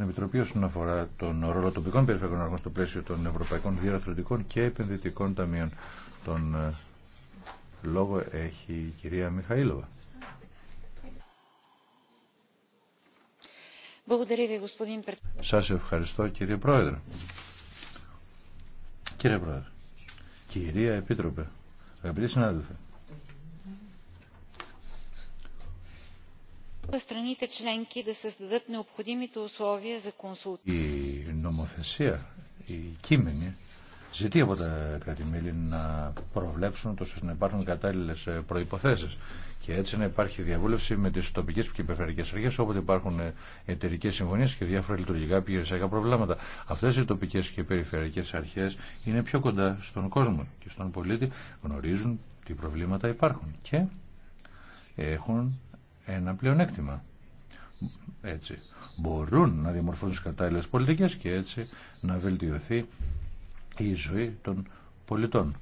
στην Επιτροπή όσον αφορά τον ρόλο τοπικών περιφερειακών αρχών στο πλαίσιο των Ευρωπαϊκών Διαρθρωτικών και Επενδυτικών Ταμείων. Τον ε, λόγο έχει η κυρία Μιχαήλοβα. Σας ευχαριστώ κύριε Πρόεδρε. Κύριε Πρόεδρε, κυρία Επίτροπε, αγαπητοί συνάδελφοι, Η νομοθεσία, η κείμενη, ζητεί από τα κρατημέλη να προβλέψουν ώστε να υπάρχουν κατάλληλε ε, προποθέσει. Και έτσι να υπάρχει διαβούλευση με τι τοπικέ και περιφερειακέ αρχέ, όπου υπάρχουν ε, εταιρικέ συμφωνίε και διάφορα λειτουργικά πηγαιρισιακά προβλήματα. Αυτέ οι τοπικέ και περιφερειακέ αρχέ είναι πιο κοντά στον κόσμο και στον πολίτη, γνωρίζουν τι προβλήματα υπάρχουν και έχουν ένα πλεονέκτημα. Έτσι, μπορούν να διαμορφώσουν τι κατάλληλε πολιτικέ και έτσι να βελτιωθεί η ζωή των πολιτών.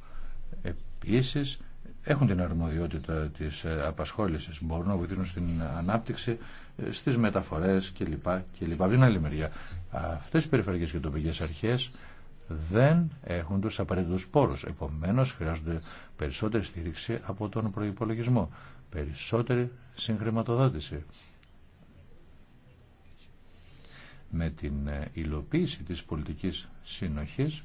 Επίση έχουν την αρμοδιότητα τη ε, απασχόληση. μπορούν να βοηθήσουν στην ανάπτυξη, ε, στι μεταφορέ κλπ. κλπ. Από την άλλη μεριά, αυτές οι περιφερειακέ και τοπικέ αρχέ δεν έχουν του απαραίτητου πόρου. Επομένω, χρειάζονται περισσότερη στήριξη από τον προπολογισμό περισσότερη συγχρηματοδότηση. Με την ε, υλοποίηση της πολιτικής συνοχής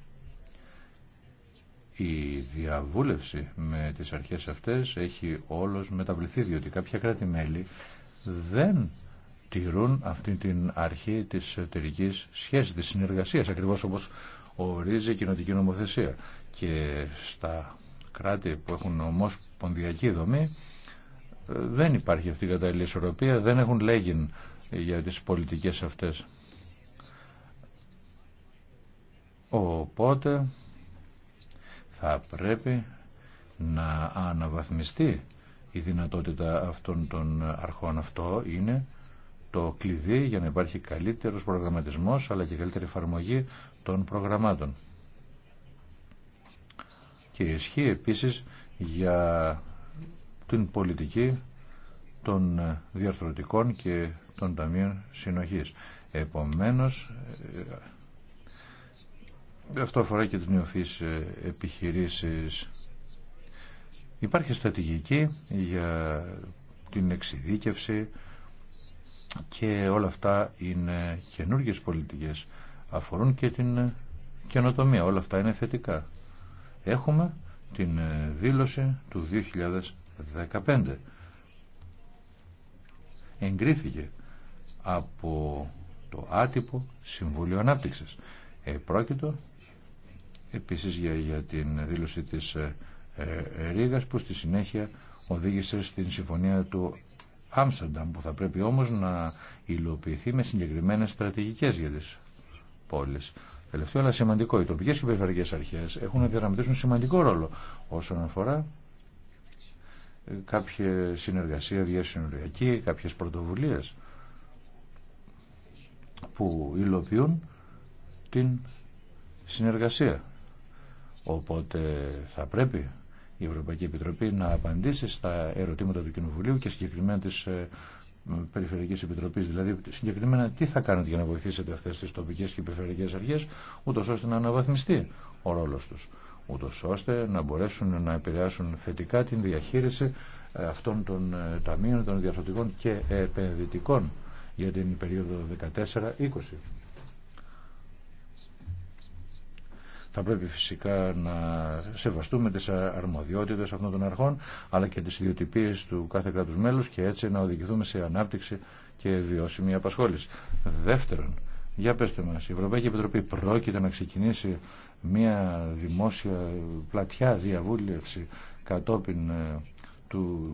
η διαβούλευση με τις αρχές αυτές έχει όλος μεταβληθεί διότι κάποια κράτη-μέλη δεν τηρούν αυτή την αρχή της εταιρικής σχέσης, της συνεργασίας ακριβώς όπως ορίζει η κοινοτική νομοθεσία και στα κράτη που έχουν ομόσπονδιακή δομή δεν υπάρχει αυτή η κατάλληλη ισορροπία, δεν έχουν λέγει για τις πολιτικές αυτές. Οπότε θα πρέπει να αναβαθμιστεί η δυνατότητα αυτών των αρχών. Αυτό είναι το κλειδί για να υπάρχει καλύτερος προγραμματισμός αλλά και καλύτερη εφαρμογή των προγραμμάτων. Και ισχύει επίσης για την πολιτική των ε, διαρθρωτικών και των ταμείων συνοχής. Επομένως, ε, αυτό αφορά και τις νεοφύς ε, επιχειρήσεις. Υπάρχει στρατηγική για την εξειδίκευση και όλα αυτά είναι καινούργιες πολιτικές. Αφορούν και την καινοτομία. Όλα αυτά είναι θετικά. Έχουμε την δήλωση του 15 Εγκρίθηκε από το άτυπο Συμβούλιο Ανάπτυξης. Ε, πρόκειτο επίσης για, για την δήλωση της ε, ε που στη συνέχεια οδήγησε στην συμφωνία του Άμστερνταμ που θα πρέπει όμως να υλοποιηθεί με συγκεκριμένες στρατηγικές για τις πόλεις. Τελευταίο αλλά σημαντικό, οι τοπικές και περιφερειακές αρχές έχουν να σημαντικό ρόλο όσον αφορά κάποια συνεργασία διασυνοριακή, κάποιες πρωτοβουλίες που υλοποιούν την συνεργασία. Οπότε θα πρέπει η Ευρωπαϊκή Επιτροπή να απαντήσει στα ερωτήματα του Κοινοβουλίου και συγκεκριμένα της ε, Περιφερειακής Επιτροπής. Δηλαδή συγκεκριμένα τι θα κάνετε για να βοηθήσετε αυτές τις τοπικές και περιφερειακές αρχές ούτως ώστε να αναβαθμιστεί ο ρόλος τους ούτως ώστε να μπορέσουν να επηρεάσουν θετικά την διαχείριση ε, αυτών των ε, ταμείων, των διαφορετικών και επενδυτικών για την περίοδο 14-20. Θα πρέπει φυσικά να σεβαστούμε τις αρμοδιότητες αυτών των αρχών αλλά και τις ιδιωτυπίες του κάθε κράτους μέλους και έτσι να οδηγηθούμε σε ανάπτυξη και βιώσιμη απασχόληση. Δεύτερον, για πέστε μας, η Ευρωπαϊκή Επιτροπή πρόκειται να ξεκινήσει μια δημόσια πλατιά διαβούλευση κατόπιν ε, του,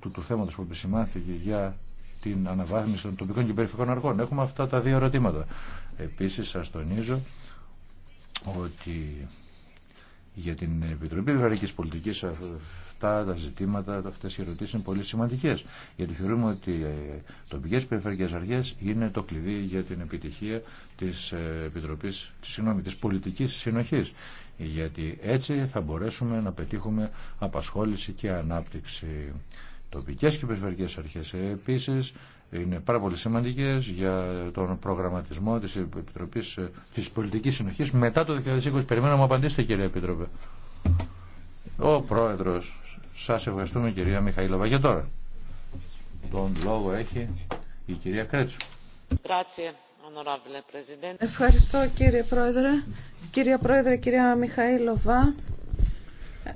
του, του, θέματος που επισημάνθηκε για την αναβάθμιση των τοπικών και περιφερειακών αργών. Έχουμε αυτά τα δύο ερωτήματα. Επίσης σας τονίζω ότι για την Επιτροπή Βεβαρικής Πολιτικής αυτά τα ζητήματα, αυτέ οι ερωτήσει είναι πολύ σημαντικέ. Γιατί θεωρούμε ότι ε, τοπικέ περιφερειακέ αρχέ είναι το κλειδί για την επιτυχία τη ε, Επιτροπή, συγγνώμη, τη πολιτική συνοχή. Γιατί έτσι θα μπορέσουμε να πετύχουμε απασχόληση και ανάπτυξη. Τοπικέ και αρχέ ε, Επίση είναι πάρα πολύ σημαντικέ για τον προγραμματισμό τη Επιτροπής ε, τη πολιτική συνοχή μετά το 2020. Περιμένω να μου απαντήσετε κύριε Επίτροπε. Ο Πρόεδρος, σας ευχαριστούμε κυρία Μιχαήλοβα για τώρα. Τον λόγο έχει η κυρία Κρέτσου. Ευχαριστώ κύριε Πρόεδρε. Κυρία Πρόεδρε, κυρία Μιχαήλοβα,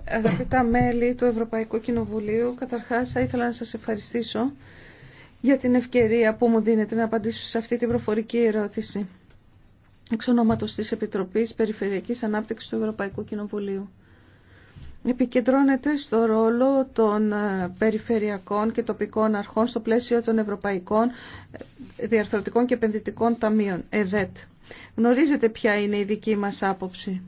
αγαπητά μέλη του Ευρωπαϊκού Κοινοβουλίου, καταρχάς θα ήθελα να σας ευχαριστήσω για την ευκαιρία που μου δίνετε να απαντήσω σε αυτή την προφορική ερώτηση εξ ονόματος της Επιτροπής Περιφερειακής Ανάπτυξης του Ευρωπαϊκού Κοινοβουλίου επικεντρώνεται στο ρόλο των ε, περιφερειακών και τοπικών αρχών στο πλαίσιο των ευρωπαϊκών ε, διαρθρωτικών και επενδυτικών ταμείων, ΕΔΕΤ. Γνωρίζετε ποια είναι η δική μας άποψη.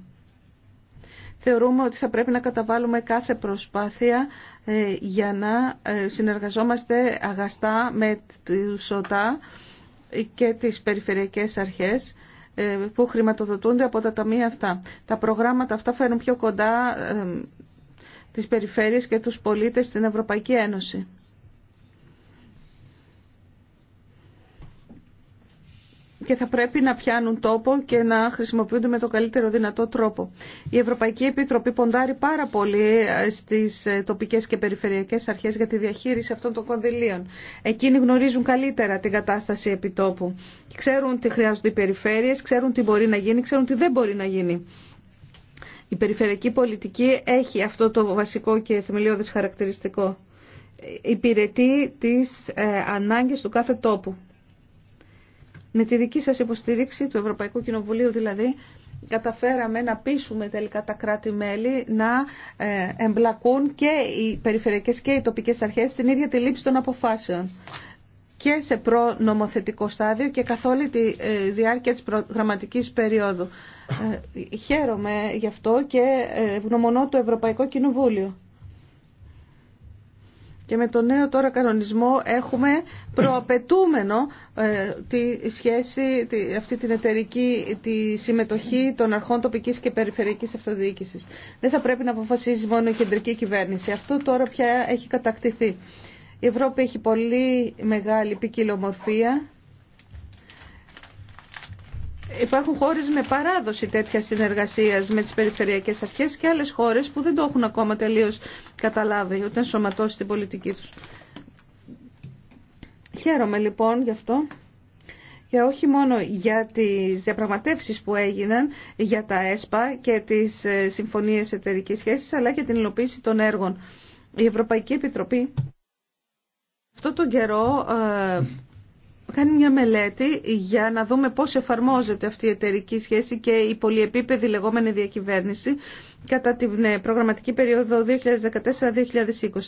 Θεωρούμε ότι θα πρέπει να καταβάλουμε κάθε προσπάθεια ε, για να συνεργαζόμαστε αγαστά με τη ΣΟΤΑ και τις περιφερειακές αρχές που χρηματοδοτούνται από τα ταμεία αυτά. Τα προγράμματα αυτά φέρνουν πιο κοντά τις περιφέρειες και τους πολίτες στην Ευρωπαϊκή Ένωση. και θα πρέπει να πιάνουν τόπο και να χρησιμοποιούνται με το καλύτερο δυνατό τρόπο. Η Ευρωπαϊκή Επιτροπή ποντάρει πάρα πολύ ε, στις ε, τοπικές και περιφερειακές αρχές για τη διαχείριση αυτών των κονδυλίων. Εκείνοι γνωρίζουν καλύτερα την κατάσταση επιτόπου. Ξέρουν τι χρειάζονται οι περιφέρειες, ξέρουν τι μπορεί να γίνει, ξέρουν τι δεν μπορεί να γίνει. Η περιφερειακή πολιτική έχει αυτό το βασικό και θεμελιώδες χαρακτηριστικό. Υπηρετεί τις ε, ανάγκες του κάθε τόπου. Με τη δική σας υποστήριξη του Ευρωπαϊκού Κοινοβουλίου δηλαδή, καταφέραμε να πείσουμε τελικά τα κράτη-μέλη να ε, εμπλακούν και οι περιφερειακές και οι τοπικές αρχές στην ίδια τη λήψη των αποφάσεων και σε προνομοθετικό στάδιο και καθ' όλη τη ε, διάρκεια της προγραμματικής περίοδου. Ε, χαίρομαι γι' αυτό και ε, ευγνωμονώ το Ευρωπαϊκό Κοινοβούλιο. Και με το νέο τώρα κανονισμό έχουμε προαπαιτούμενο τη σχέση, τη, αυτή την εταιρική, τη συμμετοχή των αρχών τοπικής και περιφερειακής αυτοδιοίκησης. Δεν θα πρέπει να αποφασίζει μόνο η κεντρική κυβέρνηση. Αυτό τώρα πια έχει κατακτηθεί. Η Ευρώπη έχει πολύ μεγάλη ποικιλομορφία. Υπάρχουν χώρες με παράδοση τέτοια συνεργασίας με τις περιφερειακές αρχές και άλλες χώρες που δεν το έχουν ακόμα τελείως καταλάβει ούτε ενσωματώσει την πολιτική τους. Χαίρομαι λοιπόν γι' αυτό και όχι μόνο για τις διαπραγματεύσεις που έγιναν για τα ΕΣΠΑ και τις ε, συμφωνίες εταιρικής σχέσης αλλά και την υλοποίηση των έργων. Η Ευρωπαϊκή Επιτροπή αυτό τον καιρό ε, κάνει μια μελέτη για να δούμε πώς εφαρμόζεται αυτή η εταιρική σχέση και η πολυεπίπεδη λεγόμενη διακυβέρνηση κατά την ε, προγραμματική περίοδο 2014-2020.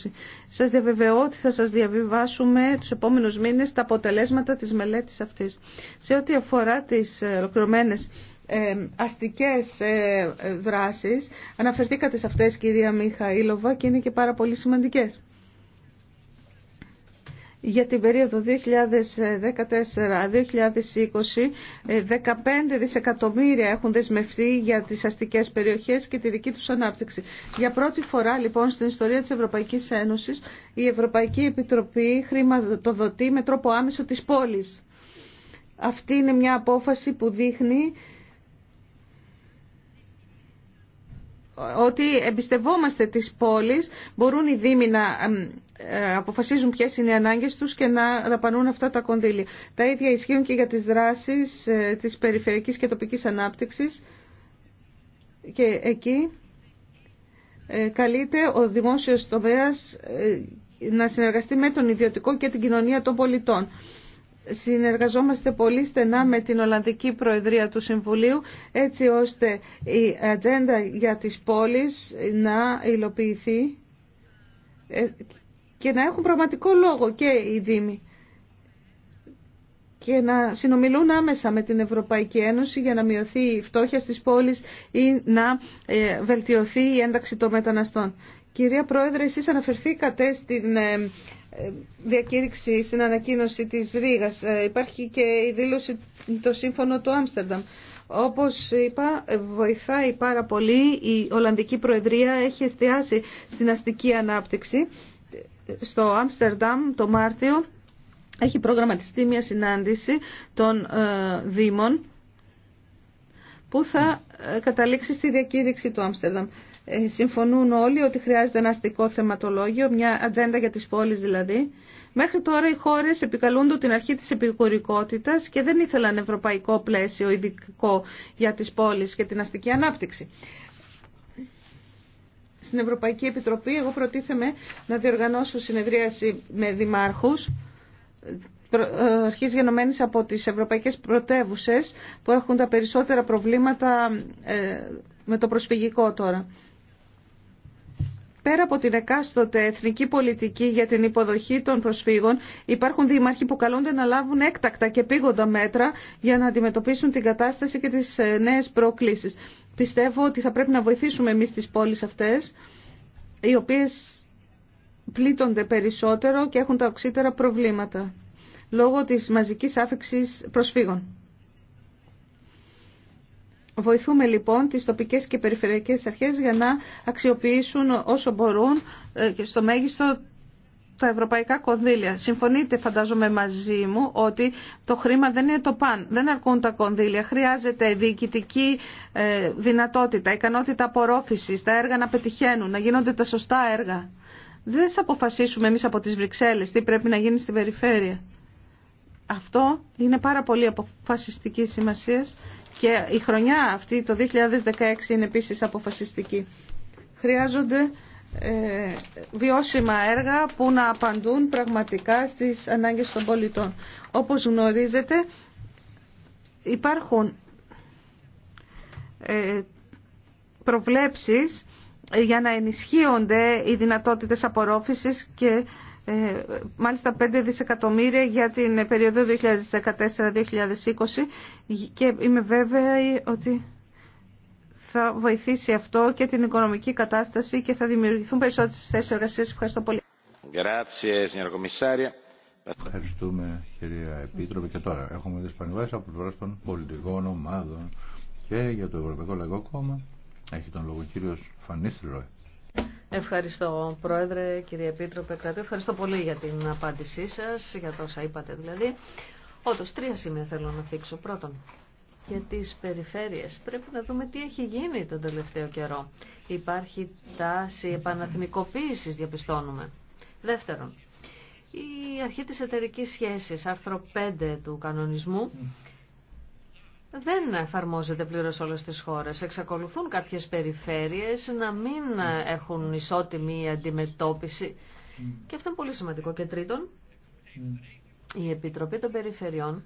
Σας διαβεβαιώ ότι θα σας διαβιβάσουμε τους επόμενους μήνες τα αποτελέσματα της μελέτης αυτής. Σε ό,τι αφορά τις ολοκληρωμένες ε, αστικές δράσεις, αναφερθήκατε σε αυτές κυρία Μιχαήλοβα και είναι και πάρα πολύ σημαντικές για την περίοδο 2014-2020 15 δισεκατομμύρια έχουν δεσμευτεί για τις αστικές περιοχές και τη δική τους ανάπτυξη. Για πρώτη φορά λοιπόν στην ιστορία της Ευρωπαϊκής Ένωσης η Ευρωπαϊκή Επιτροπή χρηματοδοτεί με τρόπο άμεσο της πόλης. Αυτή είναι μια απόφαση που δείχνει ότι εμπιστευόμαστε τις πόλεις, μπορούν οι δήμοι να ε, αποφασίζουν ποιες είναι οι ανάγκες τους και να δαπανούν αυτά τα κονδύλια. Τα ίδια ισχύουν και για τις δράσεις ε, της περιφερειακής και τοπικής ανάπτυξης και εκεί ε, καλείται ο δημόσιος τομέας να συνεργαστεί με τον ιδιωτικό και την κοινωνία των πολιτών. Συνεργαζόμαστε πολύ στενά με την Ολλανδική Προεδρία του Συμβουλίου έτσι ώστε η ατζέντα για τις πόλεις να υλοποιηθεί και να έχουν πραγματικό λόγο και οι Δήμοι και να συνομιλούν άμεσα με την Ευρωπαϊκή Ένωση για να μειωθεί η φτώχεια στις πόλεις ή να ε, βελτιωθεί η ένταξη των μεταναστών. Κυρία Πρόεδρε, εσείς αναφερθήκατε στην ε, ε, διακήρυξη, στην ανακοίνωση της Ρήγας. Υπάρχει και η δήλωση το σύμφωνο του Άμστερνταμ. Όπως είπα, βοηθάει πάρα πολύ. Η Ολλανδική Προεδρία έχει εστιάσει στην αστική ανάπτυξη στο Άμστερνταμ το Μάρτιο έχει προγραμματιστεί μια συνάντηση των ε, Δήμων που θα ε, καταλήξει στη διακήρυξη του Άμστερνταμ. Ε, συμφωνούν όλοι ότι χρειάζεται ένα αστικό θεματολόγιο, μια ατζέντα για τις πόλεις δηλαδή. Μέχρι τώρα οι χώρες επικαλούνται την αρχή της επικουρικότητας και δεν ήθελαν ευρωπαϊκό πλαίσιο ειδικό για τις πόλεις και την αστική ανάπτυξη στην Ευρωπαϊκή Επιτροπή. Εγώ προτίθεμαι να διοργανώσω συνεδρίαση με δημάρχους ε, αρχής γενομένης από τις ευρωπαϊκές πρωτεύουσες που έχουν τα περισσότερα προβλήματα ε, με το προσφυγικό τώρα. Πέρα από την εκάστοτε εθνική πολιτική για την υποδοχή των προσφύγων, υπάρχουν δήμαρχοι που καλούνται να λάβουν έκτακτα και πήγοντα μέτρα για να αντιμετωπίσουν την κατάσταση και τις ε, νέες προκλήσεις. Πιστεύω ότι θα πρέπει να βοηθήσουμε εμείς τις πόλεις αυτές, οι οποίες πλήττονται περισσότερο και έχουν τα οξύτερα προβλήματα, λόγω της μαζικής άφηξης προσφύγων. Βοηθούμε λοιπόν τις τοπικές και περιφερειακές αρχές για να αξιοποιήσουν όσο μπορούν ε, και στο μέγιστο τα ευρωπαϊκά κονδύλια. Συμφωνείτε φαντάζομαι μαζί μου ότι το χρήμα δεν είναι το παν. Δεν αρκούν τα κονδύλια. Χρειάζεται διοικητική ε, δυνατότητα, ικανότητα απορρόφησης, τα έργα να πετυχαίνουν, να γίνονται τα σωστά έργα. Δεν θα αποφασίσουμε εμείς από τις Βρυξέλλες τι πρέπει να γίνει στην περιφέρεια. Αυτό είναι πάρα πολύ αποφασιστική σημασία και η χρονιά αυτή, το 2016, είναι επίσης αποφασιστική. Χρειάζονται ε, βιώσιμα έργα που να απαντούν πραγματικά στις ανάγκες των πολιτών. Όπως γνωρίζετε, υπάρχουν ε, προβλέψεις για να ενισχύονται οι δυνατότητες απορρόφησης και ε, μάλιστα 5 δισεκατομμύρια για την περίοδο 2014-2020 και είμαι βέβαια ότι θα βοηθήσει αυτό και την οικονομική κατάσταση και θα δημιουργηθούν περισσότερες θέσεις εργασίας. Ευχαριστώ πολύ. Ευχαριστούμε κυρία Επίτροπη. και τώρα έχουμε δει πανηγάσεις από πλευράς των πολιτικών ομάδων και για το Ευρωπαϊκό Λαϊκό Κόμμα έχει τον λόγο ο κύριος Φανίστρη Ευχαριστώ Πρόεδρε, κύριε Επίτροπε Κρατή. Ευχαριστώ πολύ για την απάντησή σας, για τόσα είπατε δηλαδή. Όντως, τρία σημεία θέλω να θίξω. Πρώτον, για τις περιφέρειες. Πρέπει να δούμε τι έχει γίνει τον τελευταίο καιρό. Υπάρχει τάση επαναθνικοποίησης, διαπιστώνουμε. Δεύτερον, η αρχή της εταιρικής σχέσης, άρθρο 5 του κανονισμού, δεν εφαρμόζεται πλήρως όλες τις χώρες. Εξακολουθούν κάποιες περιφέρειες να μην έχουν ισότιμη αντιμετώπιση. Και αυτό είναι πολύ σημαντικό. Και τρίτον, η Επιτροπή των Περιφερειών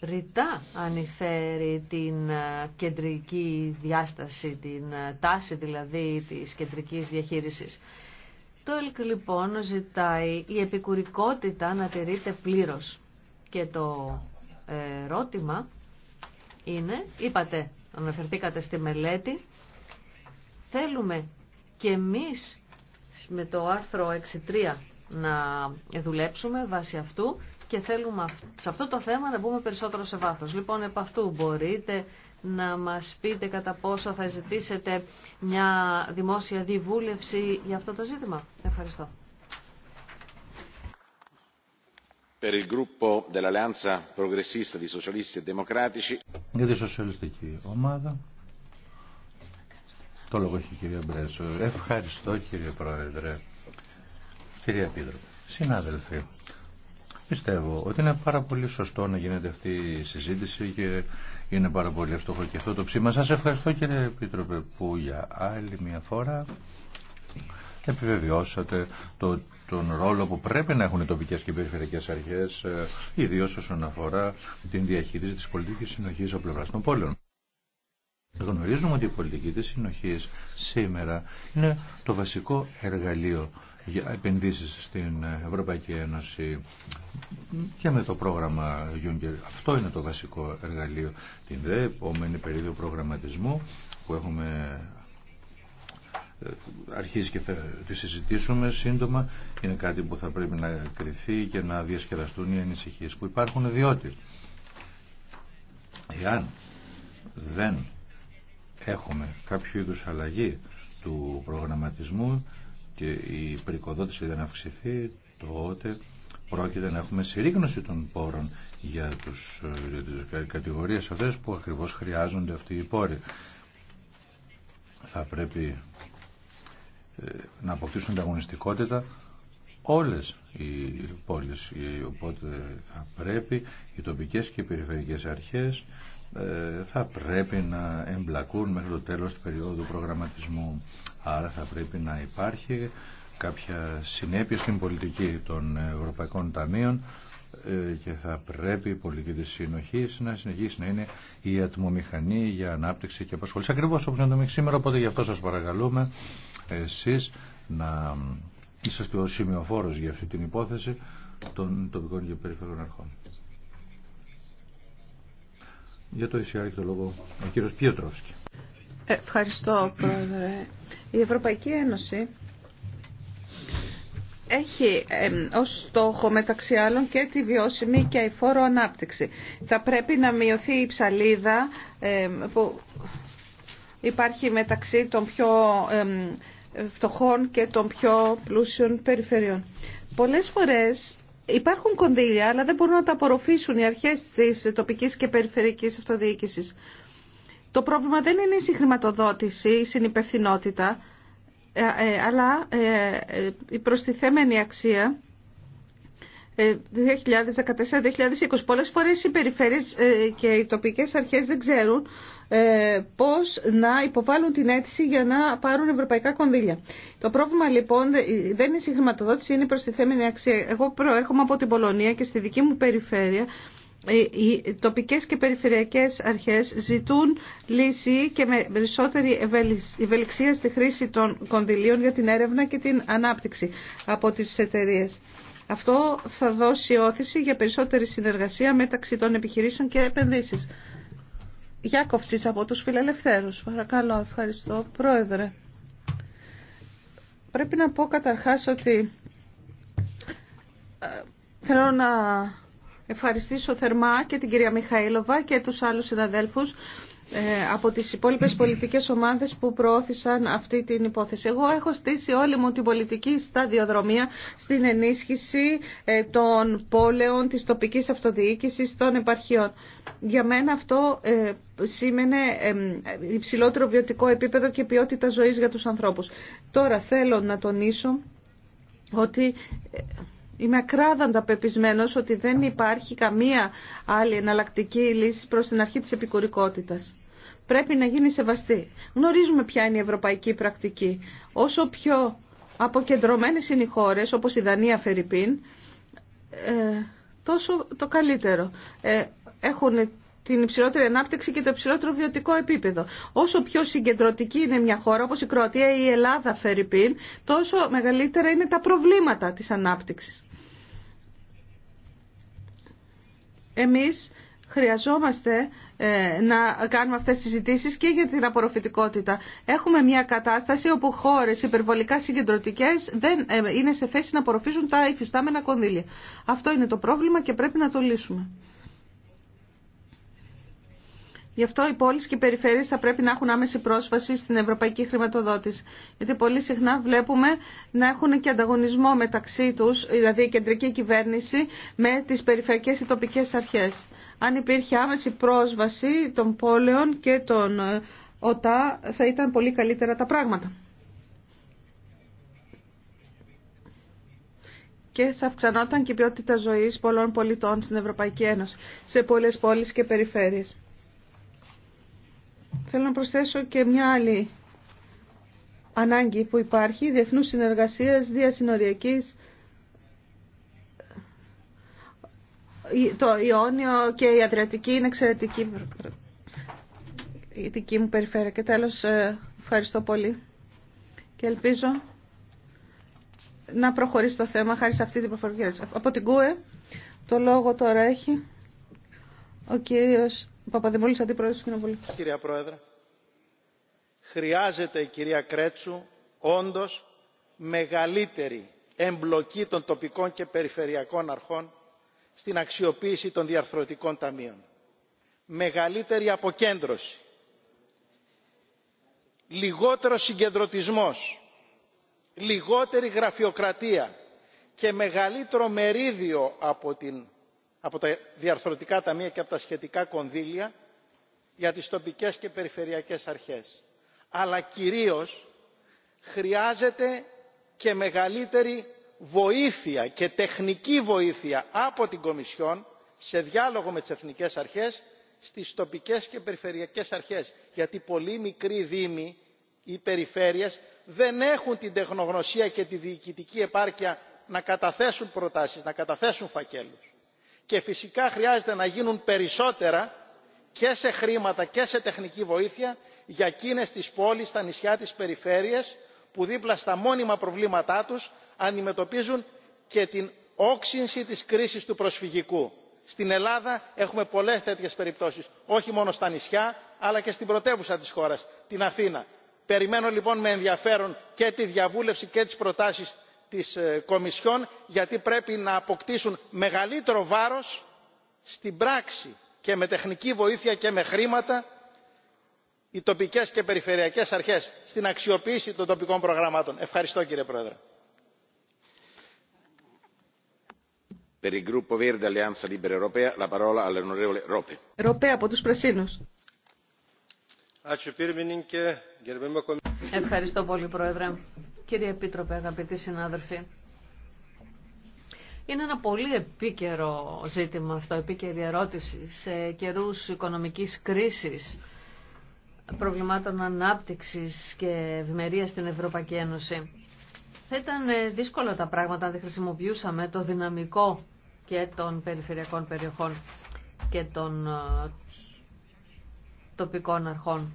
ρητά ανηφέρει την ε, κεντρική διάσταση, την ε, τάση δηλαδή της κεντρικής διαχείρισης. Το ΕΛΚ λοιπόν ζητάει η επικουρικότητα να τηρείται πλήρως. Και το ε, ερώτημα είναι, είπατε, αναφερθήκατε στη μελέτη, θέλουμε και εμείς με το άρθρο 6.3 να δουλέψουμε βάσει αυτού και θέλουμε σε αυτό το θέμα να μπούμε περισσότερο σε βάθος. Λοιπόν, επ' αυτού μπορείτε να μας πείτε κατά πόσο θα ζητήσετε μια δημόσια διβούλευση για αυτό το ζήτημα. Ευχαριστώ. Per il gruppo dell'Alleanza Progressista di Socialisti e Democratici. Για τη σοσιαλιστική ομάδα. Το λόγο έχει η κυρία Μπρέσο. Ευχαριστώ κύριε Πρόεδρε. Κυρία Πίτρο, συνάδελφοι, πιστεύω ότι είναι πάρα πολύ σωστό να γίνεται αυτή η συζήτηση και είναι πάρα πολύ εύστοχο και αυτό το ψήμα. Σας ευχαριστώ κύριε Επίτροπε που για άλλη μια φορά επιβεβαιώσατε το, τον ρόλο που πρέπει να έχουν οι τοπικές και περιφερειακές αρχές, ε, ιδίως όσον αφορά την διαχείριση της πολιτικής συνοχής από πλευράς των πόλεων. Γνωρίζουμε ότι η πολιτική της συνοχής σήμερα είναι το βασικό εργαλείο για επενδύσεις στην Ευρωπαϊκή Ένωση και με το πρόγραμμα Juncker. Αυτό είναι το βασικό εργαλείο. Την δε επόμενη περίοδο προγραμματισμού που έχουμε αρχίζει και θα τη συζητήσουμε σύντομα. Είναι κάτι που θα πρέπει να κρυθεί και να διασκεδαστούν οι ανησυχίε που υπάρχουν διότι εάν δεν έχουμε κάποιο είδου αλλαγή του προγραμματισμού και η περικοδότηση δεν αυξηθεί, τότε πρόκειται να έχουμε συρρήγνωση των πόρων για, τους, για τις κατηγορίες αυτές που ακριβώς χρειάζονται αυτοί οι πόροι. Θα πρέπει ε, να αποκτήσουν ανταγωνιστικότητα όλες οι πόλεις. Ε, οπότε θα πρέπει οι τοπικές και οι περιφερειακές αρχές ε, θα πρέπει να εμπλακούν μέχρι το τέλος του περίοδου προγραμματισμού. Άρα θα πρέπει να υπάρχει κάποια συνέπεια στην πολιτική των Ευρωπαϊκών Ταμείων και θα πρέπει η πολιτική της συνοχής να συνεχίσει να είναι η ατμομηχανή για ανάπτυξη και απασχόληση. Ακριβώς όπως να το σήμερα, οπότε γι' αυτό σας παρακαλούμε εσείς να είσαστε ο σημειοφόρος για αυτή την υπόθεση των τοπικών και περιφερειών αρχών. Για το ΙΣΙΑ έχει το λόγο ο κύριος Πιοτρόφσκι. Ευχαριστώ, Πρόεδρε. Η Ευρωπαϊκή Ένωση έχει ε, ως στόχο μεταξύ άλλων και τη βιώσιμη και αηφόρο ανάπτυξη. Θα πρέπει να μειωθεί η ψαλίδα ε, που υπάρχει μεταξύ των πιο φτωχών και των πιο πλούσιων περιφερειών. Πολλές φορές υπάρχουν κονδύλια, αλλά δεν μπορούν να τα απορροφήσουν οι αρχές της τοπικής και περιφερειακής αυτοδιοίκησης. Το πρόβλημα δεν είναι η συγχρηματοδότηση, η συνυπευθυνότητα, ε, ε, αλλά ε, η προστιθέμενη αξία 2014-2020. Ε, Πολλές φορές οι περιφέρειες ε, και οι τοπικές αρχές δεν ξέρουν ε, πώς να υποβάλουν την αίτηση για να πάρουν ευρωπαϊκά κονδύλια. Το πρόβλημα λοιπόν δεν είναι η συγχρηματοδότηση, είναι η προστιθέμενη αξία. Εγώ προέρχομαι από την Πολωνία και στη δική μου περιφέρεια οι τοπικές και περιφερειακές αρχές ζητούν λύση και με περισσότερη ευελιξία στη χρήση των κονδυλίων για την έρευνα και την ανάπτυξη από τις εταιρείες. Αυτό θα δώσει όθηση για περισσότερη συνεργασία μεταξύ των επιχειρήσεων και επενδύσει Γιάκοφτσι από τους φιλελευθέρου. Παρακαλώ, ευχαριστώ. Πρόεδρε, πρέπει να πω καταρχάς ότι ε, θέλω να ευχαριστήσω θερμά και την κυρία Μιχαήλοβα και τους άλλους συναδέλφους ε, από τις υπόλοιπες πολιτικές ομάδες που προώθησαν αυτή την υπόθεση. Εγώ έχω στήσει όλη μου την πολιτική σταδιοδρομία στην ενίσχυση ε, των πόλεων, της τοπικής αυτοδιοίκησης, των επαρχιών. Για μένα αυτό ε, σήμαινε υψηλότερο βιωτικό επίπεδο και ποιότητα ζωής για τους ανθρώπους. Τώρα θέλω να τονίσω ότι... Είμαι ακράδαντα πεπισμένο ότι δεν υπάρχει καμία άλλη εναλλακτική λύση προς την αρχή της επικουρικότητας πρέπει να γίνει σεβαστή. Γνωρίζουμε ποια είναι η ευρωπαϊκή πρακτική. Όσο πιο αποκεντρωμένες είναι οι χώρες, όπως η Δανία Φερρυπίν, ε, τόσο το καλύτερο. Ε, έχουν την υψηλότερη ανάπτυξη και το υψηλότερο βιωτικό επίπεδο. Όσο πιο συγκεντρωτική είναι μια χώρα, όπως η Κροατία ή η Ελλάδα Φερρυπίν, τόσο μεγαλύτερα είναι τα προβλήματα της ανάπτυξης. Εμείς χρειαζόμαστε ε, να κάνουμε αυτές τις συζητήσεις και για την απορροφητικότητα. Έχουμε μια κατάσταση όπου χώρες υπερβολικά συγκεντρωτικές δεν ε, είναι σε θέση να απορροφήσουν τα υφιστάμενα κονδύλια. Αυτό είναι το πρόβλημα και πρέπει να το λύσουμε. Γι' αυτό οι πόλεις και οι περιφέρειες θα πρέπει να έχουν άμεση πρόσβαση στην ευρωπαϊκή χρηματοδότηση. Γιατί πολύ συχνά βλέπουμε να έχουν και ανταγωνισμό μεταξύ τους, δηλαδή η κεντρική κυβέρνηση, με τις περιφερειακές ή τοπικές αρχές. Αν υπήρχε άμεση πρόσβαση των πόλεων και των ε, ΟΤΑ θα ήταν πολύ καλύτερα τα πράγματα. και θα αυξανόταν και η ποιότητα ζωής πολλών πολιτών στην Ευρωπαϊκή Ένωση, σε πολλές πόλεις και περιφέρειες. Θέλω να προσθέσω και μια άλλη ανάγκη που υπάρχει, διεθνούς συνεργασίας, διασυνοριακής, το Ιόνιο και η Αδριατική είναι εξαιρετική η δική μου περιφέρεια. Και τέλος ε, ευχαριστώ πολύ και ελπίζω να προχωρήσει το θέμα χάρη σε αυτή την προφορική Από την ΚΟΕ το λόγο τώρα έχει ο κύριος Παπαδημόλης Αντιπρόεδρος του Κοινοβουλίου. Κυρία Πρόεδρε, χρειάζεται η κυρία Κρέτσου όντως μεγαλύτερη εμπλοκή των τοπικών και περιφερειακών αρχών στην αξιοποίηση των διαρθρωτικών ταμείων. Μεγαλύτερη αποκέντρωση. Λιγότερο συγκεντρωτισμός. Λιγότερη γραφειοκρατία και μεγαλύτερο μερίδιο από την από τα διαρθρωτικά ταμεία και από τα σχετικά κονδύλια για τις τοπικές και περιφερειακές αρχές. Αλλά κυρίως χρειάζεται και μεγαλύτερη βοήθεια και τεχνική βοήθεια από την Κομισιόν σε διάλογο με τις εθνικές αρχές στις τοπικές και περιφερειακές αρχές γιατί πολύ μικροί δήμοι ή περιφέρειες δεν έχουν την τεχνογνωσία και τη διοικητική επάρκεια να καταθέσουν προτάσεις να καταθέσουν φακέλους και φυσικά χρειάζεται να γίνουν περισσότερα και σε χρήματα και σε τεχνική βοήθεια για εκείνες τις πόλεις τα νησιά τις περιφέρειες που δίπλα στα μόνιμα προβλήματά τους αντιμετωπίζουν και την όξυνση της κρίσης του προσφυγικού. στην ελλάδα έχουμε πολλές τέτοιες περιπτώσεις όχι μόνο στα νησιά αλλά και στην πρωτεύουσα της χώρας την αθήνα. περιμένω λοιπόν με ενδιαφέρον και τη διαβούλευση και τις προτάσεις της ε, κομισιόν γιατί πρέπει να αποκτήσουν μεγαλύτερο βάρος στην πράξη και με τεχνική βοήθεια και με χρήματα οι τοπικές και περιφερειακές αρχές στην αξιοποίηση των τοπικών προγραμμάτων. Ευχαριστώ κύριε Πρόεδρε. από τους Ευχαριστώ πολύ Πρόεδρε. Κύριε Επίτροπε, αγαπητοί συνάδελφοι, είναι ένα πολύ επίκαιρο ζήτημα αυτό, επίκαιρη ερώτηση σε καιρούς οικονομικής κρίσης, προβλημάτων ανάπτυξης και ευημερία στην Ευρωπαϊκή Ένωση. Θα ήταν δύσκολα τα πράγματα αν δεν χρησιμοποιούσαμε το δυναμικό και των περιφερειακών περιοχών και των ε, τοπικών αρχών.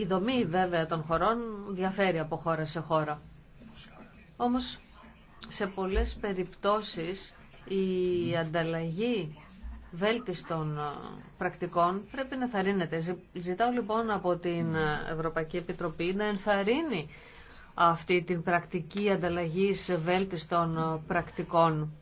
Η δομή βέβαια των χωρών διαφέρει από χώρα σε χώρα. Όμως σε πολλές περιπτώσεις η ανταλλαγή βέλτιστων ε, πρακτικών πρέπει να θαρρύνεται. Ζητάω λοιπόν από την Ευρωπαϊκή Επιτροπή να ενθαρρύνει αυτή την πρακτική ανταλλαγής βέλτιστων ε, πρακτικών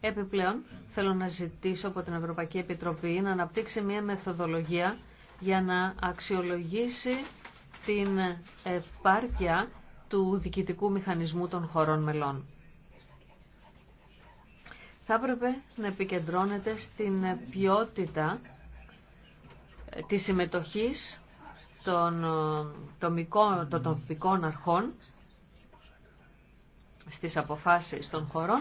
Επιπλέον, θέλω να ζητήσω από την Ευρωπαϊκή Επιτροπή να αναπτύξει μια μεθοδολογία για να αξιολογήσει την επάρκεια του διοικητικού μηχανισμού των χωρών μελών. Θα έπρεπε να επικεντρώνεται στην ποιότητα της συμμετοχής των ε, τοπικών, αρχών στις αποφάσεις των χωρών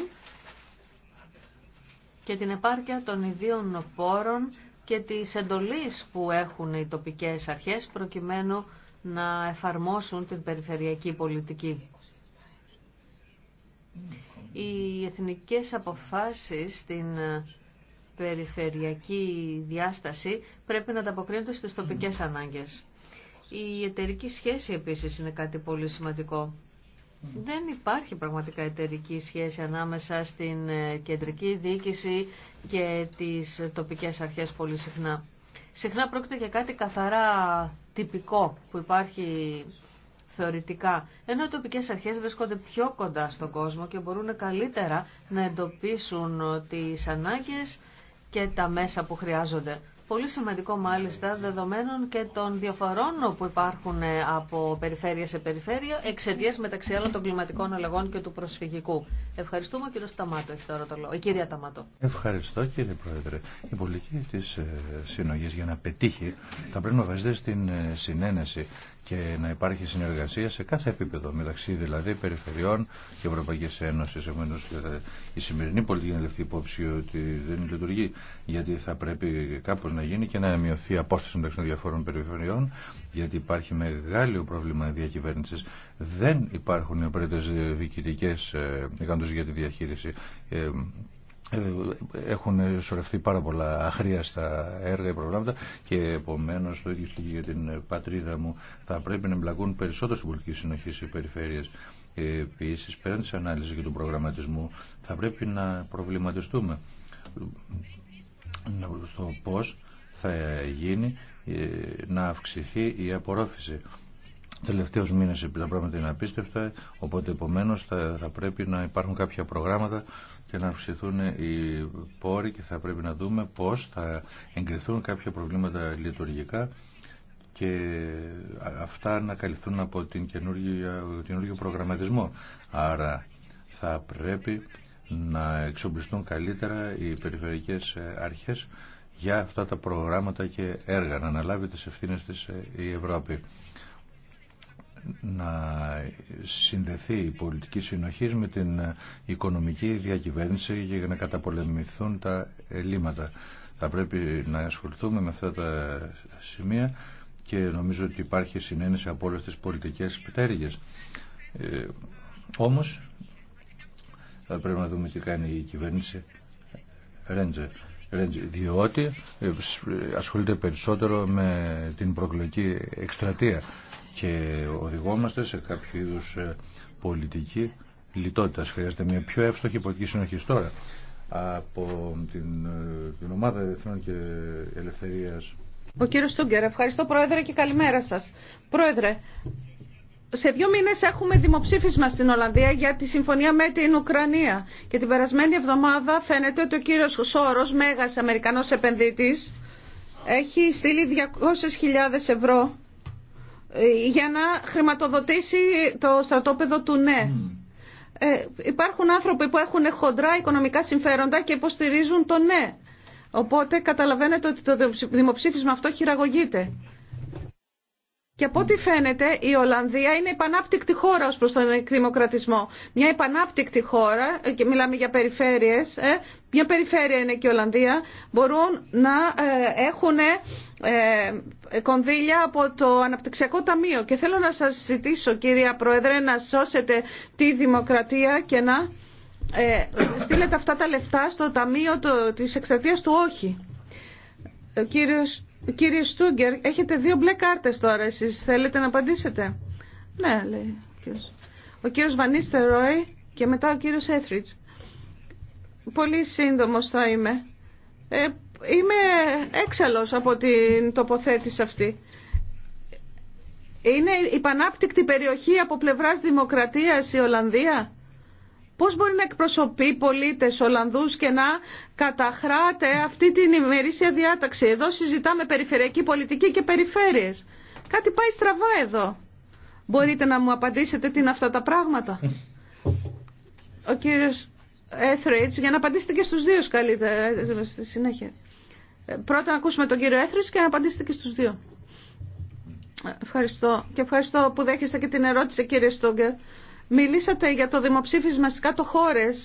και την επάρκεια των ιδίων πόρων και τη εντολής που έχουν οι τοπικές αρχές προκειμένου να εφαρμόσουν την περιφερειακή πολιτική. Οι εθνικές αποφάσεις στην περιφερειακή διάσταση πρέπει να ανταποκρίνονται στις τοπικές ανάγκες. Η εταιρική σχέση επίσης είναι κάτι πολύ σημαντικό. Δεν υπάρχει πραγματικά εταιρική σχέση ανάμεσα στην ε, κεντρική διοίκηση και τις τοπικές αρχές πολύ συχνά. Συχνά πρόκειται για κάτι καθαρά τυπικό που υπάρχει θεωρητικά, ενώ οι τοπικές αρχές βρίσκονται πιο κοντά στον κόσμο και μπορούν καλύτερα να εντοπίσουν τις ανάγκες και τα μέσα που χρειάζονται. Πολύ σημαντικό μάλιστα, δεδομένων και των διαφορών που υπάρχουν ε, από περιφέρεια σε περιφέρεια, εξαιτία μεταξύ άλλων των κλιματικών αλλαγών και του προσφυγικού. Ευχαριστούμε, ο κύριο Σταμάτο, έχει τώρα το λόγο. Η ε, κυρία Ταμάτο. Ευχαριστώ, κύριε Πρόεδρε. Η πολιτική τη ε, συνογή για να πετύχει θα πρέπει να βασίζεται στην συνένεση και να υπάρχει συνεργασία σε κάθε επίπεδο μεταξύ δηλαδή περιφερειών και Ευρωπαϊκή Ένωση. Επομένω, ε, η σημερινή πολιτική να υπόψη ότι δεν λειτουργεί, γιατί θα πρέπει κάπω να γίνει και να μειωθεί η απόσταση μεταξύ των διαφόρων περιφερειών, γιατί υπάρχει μεγάλο πρόβλημα διακυβέρνηση. Δεν υπάρχουν απαραίτητε διοικητικέ ικανότητε ε, για τη διαχείριση ε, ε, έχουν σωρευτεί πάρα πολλά αχρίαστα έργα και προγράμματα και επομένω το ίδιο και για την πατρίδα μου θα πρέπει να εμπλακούν περισσότερο στην πολιτική συνοχή οι περιφέρειε. Ε, Επίση, πέραν τη ανάλυση και του προγραμματισμού, θα πρέπει να προβληματιστούμε στο πώ θα γίνει ε, να αυξηθεί η απορρόφηση. Τελευταίος μήνες τα πράγματα είναι απίστευτα, οπότε επομένως θα, θα πρέπει να υπάρχουν κάποια προγράμματα και να αυξηθούν οι πόροι και θα πρέπει να δούμε πώς θα εγκριθούν κάποια προβλήματα λειτουργικά και αυτά να καλυφθούν από την καινούργιο προγραμματισμό. Άρα θα πρέπει να εξομπιστούν καλύτερα οι περιφερειακές αρχές για αυτά τα προγράμματα και έργα, να αναλάβει τις ευθύνες της η Ευρώπη να συνδεθεί η πολιτική συνοχή με την οικονομική διακυβέρνηση για να καταπολεμηθούν τα ελλείμματα. Θα πρέπει να ασχοληθούμε με αυτά τα σημεία και νομίζω ότι υπάρχει συνένεση από όλες τις πολιτικές πτέρυγες. Ε, όμως θα πρέπει να δούμε τι κάνει η κυβέρνηση Ρέντζε. Ρέντζε διότι ε, ε, ασχολείται περισσότερο με την προκλογική εκστρατεία και οδηγόμαστε σε κάποιο είδου ε, πολιτική λιτότητα. Χρειάζεται μια πιο εύστοχη πολιτική συνοχή τώρα από την, ε, την Ομάδα Εθνών και Ελευθερίας. Ο κύριος Στούγκερ, ευχαριστώ Πρόεδρε και καλημέρα σας. Πρόεδρε, σε δύο μήνες έχουμε δημοψήφισμα στην Ολλανδία για τη συμφωνία με την Ουκρανία και την περασμένη εβδομάδα φαίνεται ότι ο κύριος Σόρος, μέγας Αμερικανός επενδυτής, έχει στείλει 200.000 ευρώ για να χρηματοδοτήσει το στρατόπεδο του ΝΕ. Ε, υπάρχουν άνθρωποι που έχουν χοντρά οικονομικά συμφέροντα και υποστηρίζουν το ΝΕ. Οπότε καταλαβαίνετε ότι το δημοψήφισμα αυτό χειραγωγείται. Και από ό,τι φαίνεται η Ολλανδία είναι επανάπτυκτη χώρα ω προς τον εκδημοκρατισμό. Μια επανάπτυκτη χώρα, ε, και μιλάμε για περιφέρειες, ε, μια περιφέρεια είναι και η Ολλανδία, μπορούν να ε, έχουν κονδύλια από το Αναπτυξιακό Ταμείο. Και θέλω να σας ζητήσω κυρία Πρόεδρε να σώσετε τη δημοκρατία και να στείλετε αυτά τα λεφτά στο Ταμείο τη Εξαρτία του Όχι. Κύριε Στούγκερ, έχετε δύο μπλε κάρτε τώρα εσείς. Θέλετε να απαντήσετε. Ναι, λέει ο κύριος. Ο κύριο Βανίστερ Ρόι και μετά ο κύριος Έθριτ. Πολύ σύντομο θα είμαι. Ε, είμαι έξαλλος από την τοποθέτηση αυτή. Είναι η πανάπτυκτη περιοχή από πλευράς δημοκρατίας η Ολλανδία. Πώς μπορεί να εκπροσωπεί πολίτες Ολλανδούς και να καταχράτε αυτή την ημερήσια διάταξη. Εδώ συζητάμε περιφερειακή πολιτική και περιφέρειες. Κάτι πάει στραβά εδώ. Μπορείτε να μου απαντήσετε τι είναι αυτά τα πράγματα. Ο κύριος Έθριτς, για να απαντήσετε και στους δύο καλύτερα στη συνέχεια. Πρώτα να ακούσουμε τον κύριο Έθριτς και να απαντήσετε και στους δύο. Ευχαριστώ. Και ευχαριστώ που δέχεστε και την ερώτηση κύριε Στόγκερ. Μιλήσατε για το δημοψήφισμα στις κάτω χώρες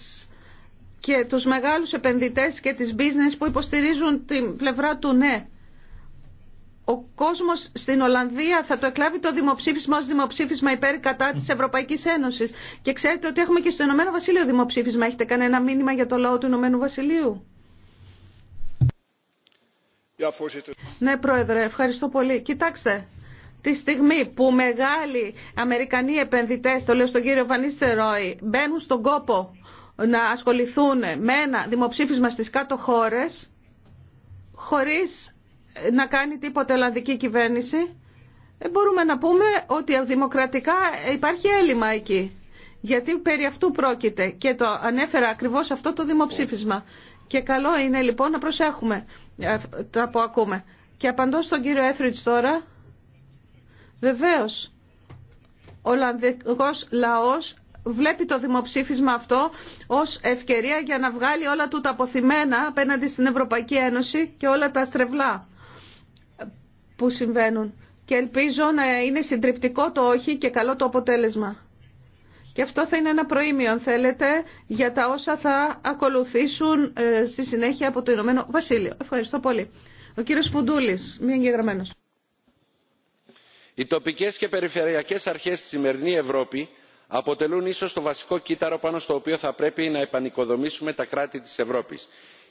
και τους μεγάλους επενδυτές και τις business που υποστηρίζουν την πλευρά του ναι. Ο κόσμος στην Ολλανδία θα το εκλάβει το δημοψήφισμα ως δημοψήφισμα υπέρ κατά της Ευρωπαϊκής Ένωσης. Και ξέρετε ότι έχουμε και στο Ηνωμένο Βασίλειο δημοψήφισμα. Έχετε κανένα μήνυμα για το λαό του Ηνωμένου Βασιλείου. ναι, Πρόεδρε, ευχαριστώ πολύ. Κοιτάξτε, τη στιγμή που μεγάλοι Αμερικανοί επενδυτέ, το λέω στον κύριο Βανίστερόι, μπαίνουν στον κόπο να ασχοληθούν με ένα δημοψήφισμα στι κάτω χώρε, χωρίς να κάνει τίποτα ελλανδική κυβέρνηση, ε, μπορούμε να πούμε ότι δημοκρατικά υπάρχει έλλειμμα εκεί. Γιατί περί αυτού πρόκειται και το ανέφερα ακριβώς αυτό το δημοψήφισμα. Και καλό είναι λοιπόν να προσέχουμε ε, τα που ακούμε. Και απαντώ στον κύριο Έφριτς τώρα, Βεβαίως, ο Ολλανδικός λαός βλέπει το δημοψήφισμα αυτό ως ευκαιρία για να βγάλει όλα του τα αποθυμένα απέναντι στην Ευρωπαϊκή Ένωση και όλα τα στρεβλά που συμβαίνουν. Και ελπίζω να είναι συντριπτικό το όχι και καλό το αποτέλεσμα. Και αυτό θα είναι ένα προήμιο, αν θέλετε, για τα όσα θα ακολουθήσουν ε, στη συνέχεια από το Ηνωμένο Βασίλειο. Ευχαριστώ πολύ. Ο κύριος Φουντούλης, μη εγγεγραμμένος οι τοπικές και περιφερειακέ αρχέ στη σημερινή ευρώπη αποτελούν ίσω το βασικό κύτταρο πάνω στο οποίο θα πρέπει να επανοικοδομήσουμε τα κράτη τη Ευρώπη.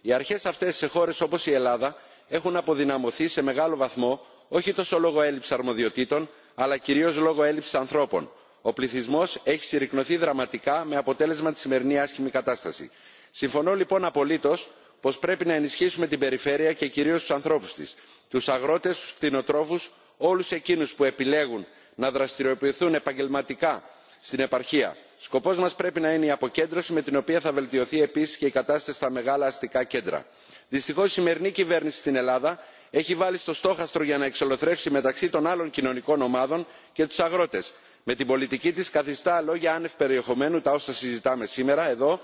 οι αρχέ αυτέ σε χώρε όπω η ελλάδα έχουν αποδυναμωθεί σε μεγάλο βαθμό όχι τόσο λόγω έλλειψη αρμοδιοτήτων αλλά κυρίω λόγω έλλειψη ανθρώπων. ο πληθυσμό έχει συρρυκνωθεί δραματικά με αποτέλεσμα τη σημερινή άσχημη κατάσταση. συμφωνώ λοιπόν απολύτω πω πρέπει να ενισχύσουμε την περιφέρεια και κυρίω του ανθρώπου τη, του αγρότε, του κτηνοτρόφου, όλους εκείνους που επιλέγουν να δραστηριοποιηθούν επαγγελματικά στην επαρχία. σκοπός μας πρέπει να είναι η αποκέντρωση με την οποία θα βελτιωθεί επίσης και η κατάσταση στα μεγάλα αστικά κέντρα. δυστυχώς η σημερινή κυβέρνηση στην ελλάδα έχει βάλει στο στόχαστρο για να εξολοθρεύσει μεταξύ των άλλων κοινωνικών ομάδων και τους αγρότες. με την πολιτική της καθιστά λόγια άνευ περιεχομένου τα όσα συζητάμε σήμερα εδώ